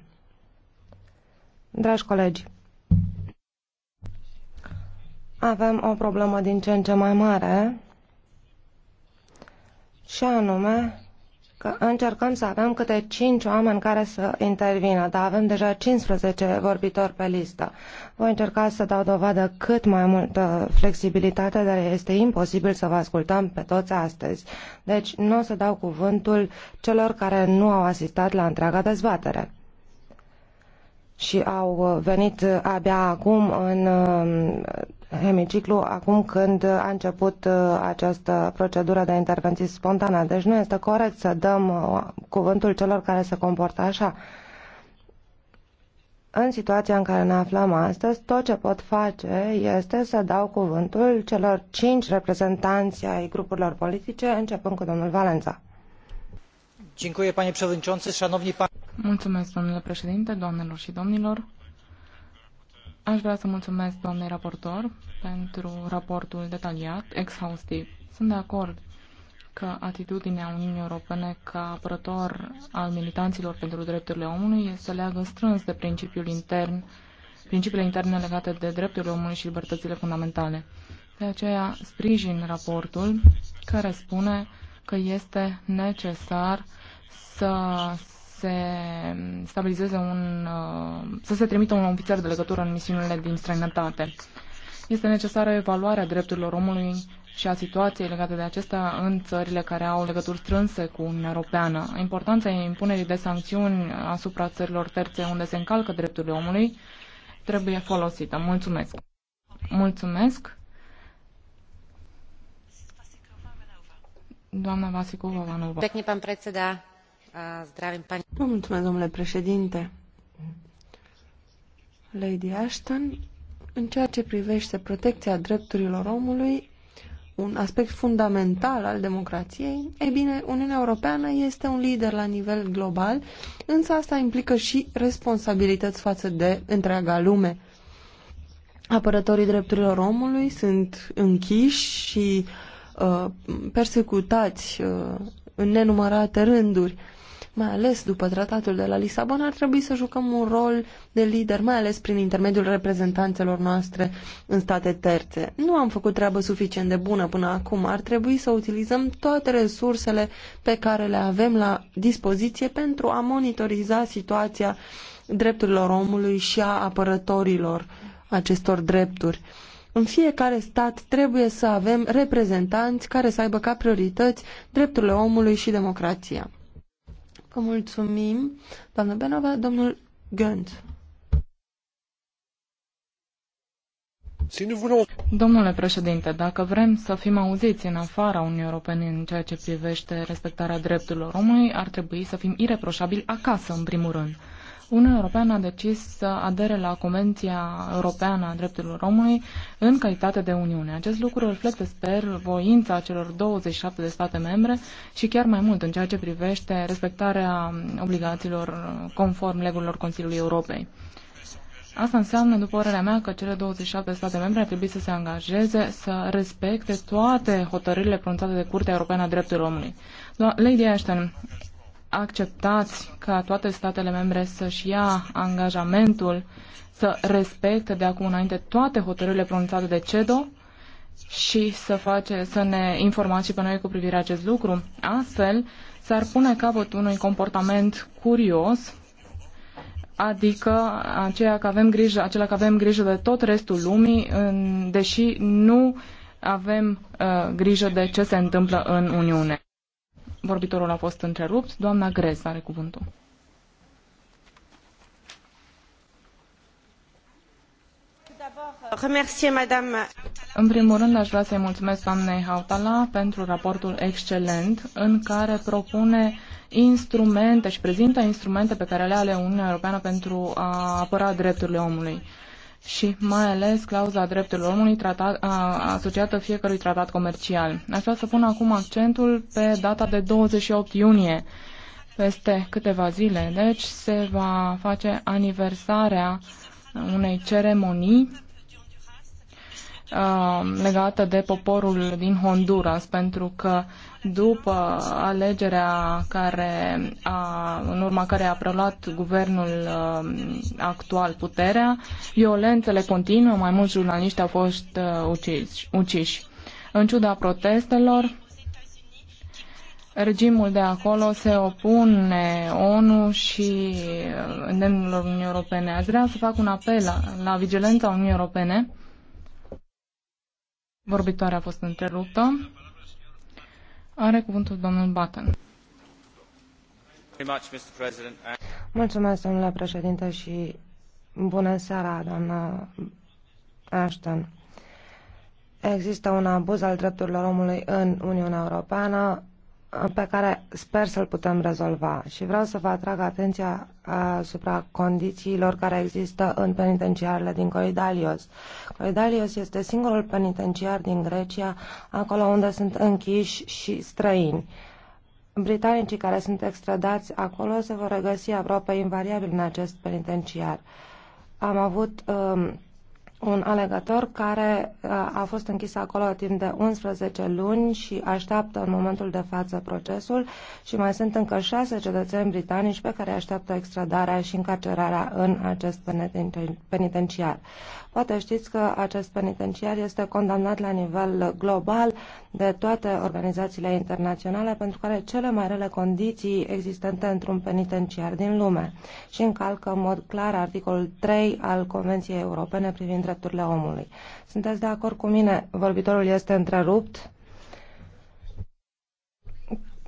Dragi colegi, avem o problemă din ce în ce mai mare și anume că încercăm să avem câte 5 oameni care să intervină, dar avem deja 15 vorbitori pe listă. Voi încerca să dau dovadă cât mai multă flexibilitate, dar este imposibil să vă ascultăm pe toți astăzi. Deci nu o să dau cuvântul celor care nu au asistat la întreaga dezbatere și au venit abia acum în hemiciclu acum când a început uh, această procedură de intervenție spontană, Deci nu este corect să dăm uh, cuvântul celor care se comportă așa. În situația în care ne aflăm astăzi, tot ce pot face este să dau cuvântul celor cinci reprezentanți ai grupurilor politice, începând cu domnul Valența. Mulțumesc, domnule președinte, doamnelor și domnilor. Aș vrea să mulțumesc doamnei raportor pentru raportul detaliat, exhaustiv. Sunt de acord că atitudinea Uniunii Europene ca apărător al militanților pentru drepturile omului este leagă strâns de principiul intern, principiile interne legate de drepturile omului și libertățile fundamentale. De aceea sprijin raportul care spune că este necesar să se stabilizeze un, uh, să se trimită un ofițer de legătură în misiunile din străinătate. Este necesară evaluarea drepturilor omului și a situației legate de acestea în țările care au legături strânse cu Uniunea Europeană. Importanța impunerii de sancțiuni asupra țărilor terțe unde se încalcă drepturile omului trebuie folosită. Mulțumesc! Mulțumesc! Doamna Vasicova. Vanova domnule președinte. Lady Ashton, în ceea ce privește protecția drepturilor omului, un aspect fundamental al democrației, e bine, Uniunea Europeană este un lider la nivel global, însă asta implică și responsabilități față de întreaga lume. Apărătorii drepturilor omului sunt închiși și uh, persecutați uh, în nenumărate rânduri. Uh, mai ales după tratatul de la Lisabona, ar trebui să jucăm un rol de lider, mai ales prin intermediul reprezentanțelor noastre în state terțe. Nu am făcut treabă suficient de bună până acum. Ar trebui să utilizăm toate resursele pe care le avem la dispoziție pentru a monitoriza situația drepturilor omului și a apărătorilor acestor drepturi. În fiecare stat trebuie să avem reprezentanți care să aibă ca priorități drepturile omului și democrația. Vă mulțumim, Benova, domnul Gând. Domnule președinte, dacă vrem să fim auziți în afara Uniunii Europene în ceea ce privește respectarea drepturilor omului, ar trebui să fim ireproșabili acasă, în primul rând. Uniunea Europeană a decis să adere la Convenția Europeană a Drepturilor Omului în calitate de Uniune. Acest lucru reflectă, sper, voința celor 27 de state membre și chiar mai mult în ceea ce privește respectarea obligațiilor conform legurilor Consiliului Europei. Asta înseamnă, după părerea mea, că cele 27 state membre ar trebui să se angajeze să respecte toate hotărârile pronunțate de Curtea Europeană a Drepturilor Omului. Lady Ashton, acceptați ca toate statele membre să-și ia angajamentul să respecte de acum înainte toate hotărârile pronunțate de CEDO și să, face, să ne informați și pe noi cu privire acest lucru. Astfel, s-ar pune capăt unui comportament curios, adică aceea că avem grijă, acela că avem grijă de tot restul lumii, în, deși nu avem uh, grijă de ce se întâmplă în Uniune. Vorbitorul a fost întrerupt. Doamna Grez are cuvântul. În primul rând, aș vrea să-i mulțumesc doamnei Hautala pentru raportul excelent în care propune instrumente și prezintă instrumente pe care le are Uniunea Europeană pentru a apăra drepturile omului și mai ales clauza drepturilor omului tratat, a, asociată fiecărui tratat comercial. Aș vrea să pun acum accentul pe data de 28 iunie. Peste câteva zile, deci, se va face aniversarea unei ceremonii Uh, legată de poporul din Honduras, pentru că după alegerea care a, în urma care a preluat guvernul uh, actual puterea, violențele continuă, mai mulți jurnaliști au fost uh, uciși. uciși. În ciuda protestelor, regimul de acolo se opune ONU și uh, îndemnilor Uniunii Europene. Aș vrea să fac un apel la, la vigilența Uniunii Europene Vorbitoarea a fost întreruptă. Are cuvântul domnul Batten. Mulțumesc, domnule președinte, și bună seara, doamna Ashton. Există un abuz al drepturilor omului în Uniunea Europeană pe care sper să-l putem rezolva și vreau să vă atrag atenția asupra condițiilor care există în penitenciarele din Coidalios. Coidalios este singurul penitenciar din Grecia, acolo unde sunt închiși și străini. Britanicii care sunt extradați acolo se vor regăsi aproape invariabil în acest penitenciar. Am avut um, un alegător care uh, a fost închis acolo timp de 11 luni și așteaptă în momentul de față procesul și mai sunt încă șase cetățeni britanici pe care așteaptă extradarea și încarcerarea în acest penitenciar. Poate știți că acest penitenciar este condamnat la nivel global de toate organizațiile internaționale pentru care cele mai rele condiții existente într-un penitenciar din lume și încalcă în mod clar articolul 3 al Convenției Europene privind drepturile omului. Sunteți de acord cu mine? Vorbitorul este întrerupt.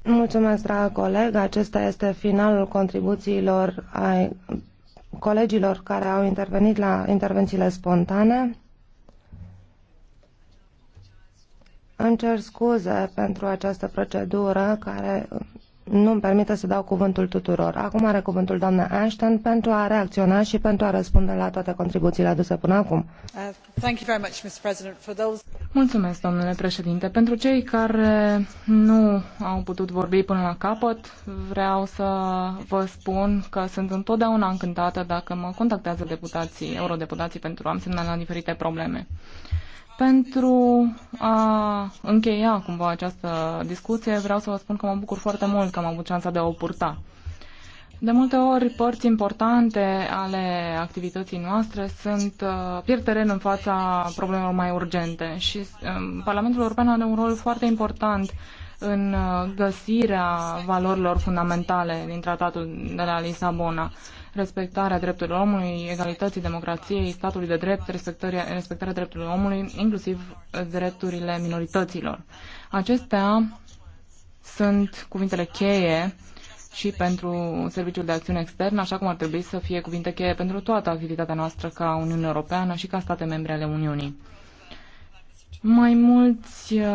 Mulțumesc, dragă coleg. Acesta este finalul contribuțiilor ai colegilor care au intervenit la intervențiile spontane. Îmi cer scuze pentru această procedură care nu îmi permite să dau cuvântul tuturor. Acum are cuvântul doamna Ashton pentru a reacționa și pentru a răspunde la toate contribuțiile aduse până acum. Uh, Mulțumesc, domnule președinte. Pentru cei care nu au putut vorbi până la capăt, vreau să vă spun că sunt întotdeauna încântată dacă mă contactează deputații, eurodeputații pentru a-mi la diferite probleme. Pentru a încheia cumva această discuție, vreau să vă spun că mă bucur foarte mult că am avut șansa de a o purta. De multe ori, părți importante ale activității noastre sunt uh, pierd teren în fața problemelor mai urgente și um, Parlamentul European are un rol foarte important în uh, găsirea valorilor fundamentale din tratatul de la Lisabona respectarea drepturilor omului, egalității, democrației, statului de drept, respectarea, respectarea drepturilor omului, inclusiv uh, drepturile minorităților. Acestea sunt cuvintele cheie și pentru Serviciul de Acțiune Externă, așa cum ar trebui să fie cuvinte cheie pentru toată activitatea noastră ca Uniune Europeană și ca state membre ale Uniunii. Mai mulți uh,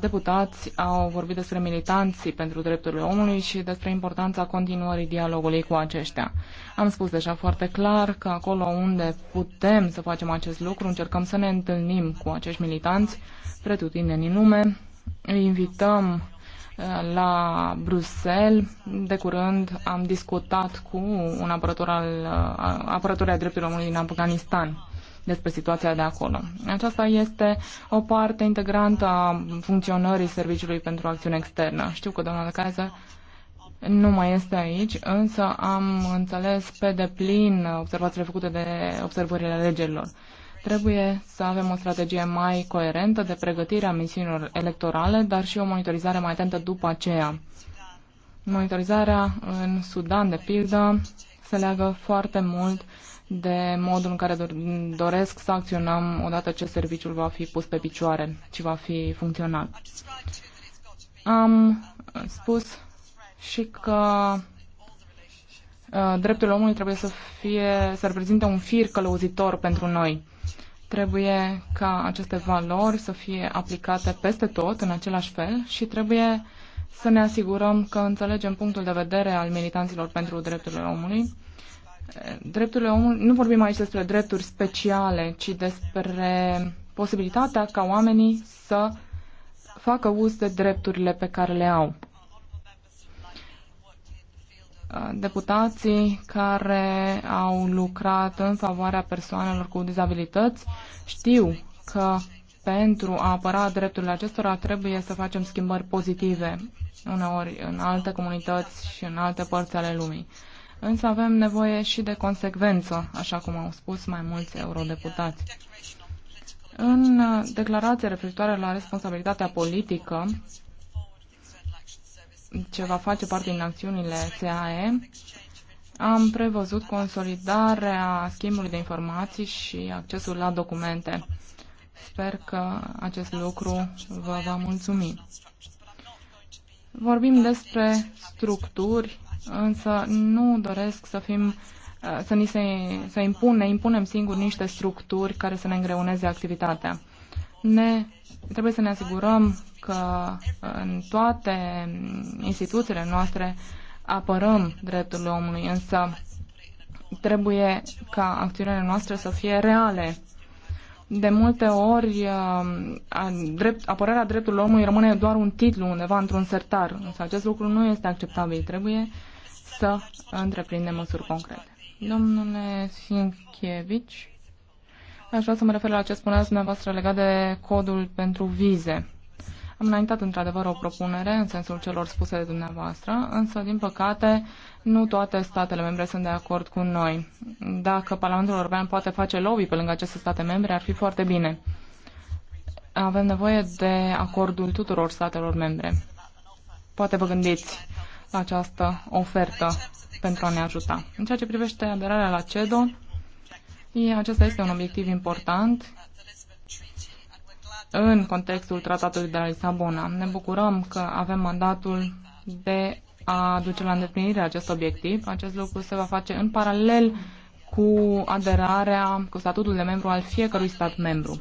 deputați au vorbit despre militanții pentru drepturile omului și despre importanța continuării dialogului cu aceștia. Am spus deja foarte clar că acolo unde putem să facem acest lucru, încercăm să ne întâlnim cu acești militanți pretutindeni în lume, îi invităm uh, la Bruxelles. De curând am discutat cu un apărător al uh, apărătorii a drepturilor omului din Afganistan despre situația de acolo. Aceasta este o parte integrantă a funcționării Serviciului pentru Acțiune Externă. Știu că doamna Cază nu mai este aici, însă am înțeles pe deplin observațiile făcute de observările legilor. Trebuie să avem o strategie mai coerentă de pregătire a misiunilor electorale, dar și o monitorizare mai atentă după aceea. Monitorizarea în Sudan, de pildă, se leagă foarte mult de modul în care doresc să acționăm odată ce serviciul va fi pus pe picioare și va fi funcțional. Am spus și că uh, dreptul omului trebuie să fie, să reprezinte un fir călăuzitor pentru noi. Trebuie ca aceste valori să fie aplicate peste tot, în același fel, și trebuie să ne asigurăm că înțelegem punctul de vedere al militanților pentru drepturile omului drepturile omului, nu vorbim aici despre drepturi speciale, ci despre posibilitatea ca oamenii să facă uz de drepturile pe care le au. Deputații care au lucrat în favoarea persoanelor cu dizabilități știu că pentru a apăra drepturile acestora trebuie să facem schimbări pozitive uneori în alte comunități și în alte părți ale lumii. Însă avem nevoie și de consecvență, așa cum au spus mai mulți eurodeputați. În uh, declarație referitoare la responsabilitatea politică, ce va face parte din acțiunile CAE, am prevăzut consolidarea schimbului de informații și accesul la documente. Sper că acest lucru vă va mulțumi. Vorbim despre structuri însă nu doresc să fim uh, să ni se să impun, ne impunem singuri niște structuri care să ne îngreuneze activitatea. Ne, trebuie să ne asigurăm că uh, în toate instituțiile noastre apărăm drepturile omului, însă trebuie ca acțiunile noastre să fie reale. De multe ori, uh, apărarea drepturilor omului rămâne doar un titlu undeva într-un sertar, însă acest lucru nu este acceptabil. Trebuie să întreprindem măsuri concrete. Domnule Sinchievici, aș vrea să mă refer la ce spuneați dumneavoastră legat de codul pentru vize. Am înaintat într-adevăr o propunere în sensul celor spuse de dumneavoastră, însă, din păcate, nu toate statele membre sunt de acord cu noi. Dacă Parlamentul European poate face lobby pe lângă aceste state membre, ar fi foarte bine. Avem nevoie de acordul tuturor statelor membre. Poate vă gândiți această ofertă pentru a ne ajuta. În ceea ce privește aderarea la CEDO, acesta este un obiectiv important în contextul Tratatului de la Lisabona. Ne bucurăm că avem mandatul de a duce la îndeplinire acest obiectiv. Acest lucru se va face în paralel cu aderarea, cu statutul de membru al fiecărui stat membru.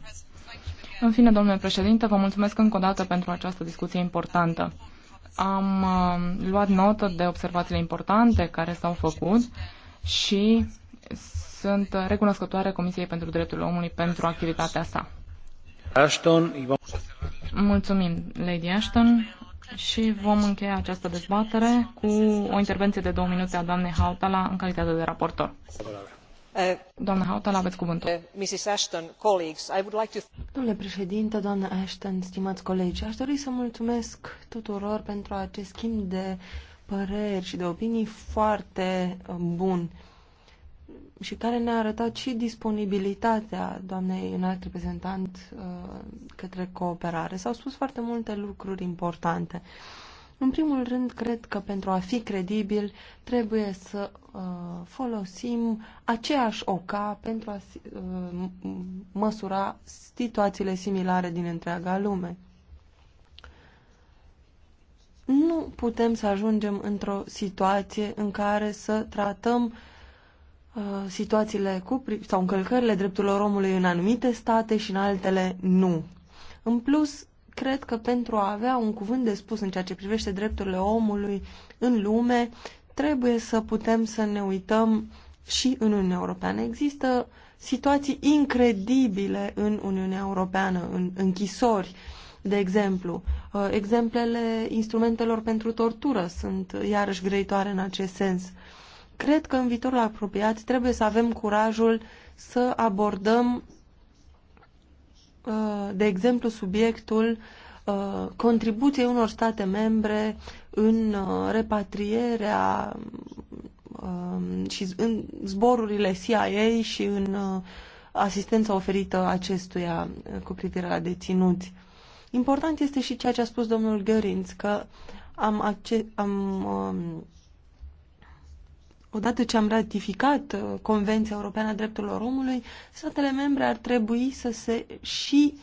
În fine, domnule președinte, vă mulțumesc încă o dată pentru această discuție importantă. Am uh, luat notă de observațiile importante care s-au făcut și sunt recunoscătoare Comisiei pentru Dreptul Omului pentru activitatea sa. Ashton, Mulțumim, Lady Ashton. Și vom încheia această dezbatere cu o intervenție de două minute a doamnei Hautala în calitate de raportor. Uh, uh, Ashton, Domnule președinte, doamnă Ashton, stimați colegi, aș dori să mulțumesc tuturor pentru acest schimb de păreri și de opinii foarte uh, bun și care ne-a arătat și disponibilitatea doamnei înalt reprezentant către cooperare. S-au spus foarte multe lucruri importante. În primul rând, cred că pentru a fi credibil trebuie să uh, folosim aceeași oca pentru a uh, măsura situațiile similare din întreaga lume. Nu putem să ajungem într-o situație în care să tratăm uh, situațiile cu, sau încălcările drepturilor omului în anumite state și în altele nu. În plus, cred că pentru a avea un cuvânt de spus în ceea ce privește drepturile omului în lume, trebuie să putem să ne uităm și în Uniunea Europeană. Există situații incredibile în Uniunea Europeană, în închisori, de exemplu. Uh, exemplele instrumentelor pentru tortură sunt iarăși greitoare în acest sens. Cred că în viitorul apropiat trebuie să avem curajul să abordăm Uh, de exemplu, subiectul uh, contribuției unor state membre în uh, repatrierea um, și în zborurile CIA și în asistența oferită acestuia cu privire la deținuți. Important este și ceea ce a spus domnul Gărinț, că am, am um, odată ce am ratificat uh, Convenția Europeană a Drepturilor Omului, statele membre ar trebui să se și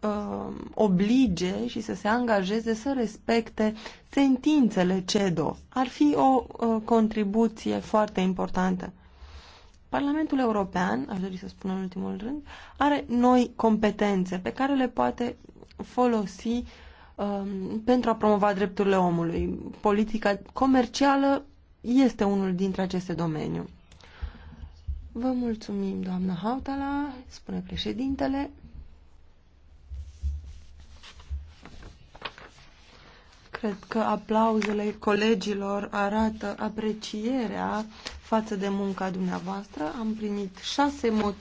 uh, oblige și să se angajeze să respecte sentințele CEDO. Ar fi o uh, contribuție foarte importantă. Parlamentul European, aș dori să spun în ultimul rând, are noi competențe pe care le poate folosi um, pentru a promova drepturile omului. Politica comercială este unul dintre aceste domeniu. Vă mulțumim, doamnă Hautala, spune președintele. Cred că aplauzele colegilor arată aprecierea față de munca dumneavoastră. Am primit șase motive.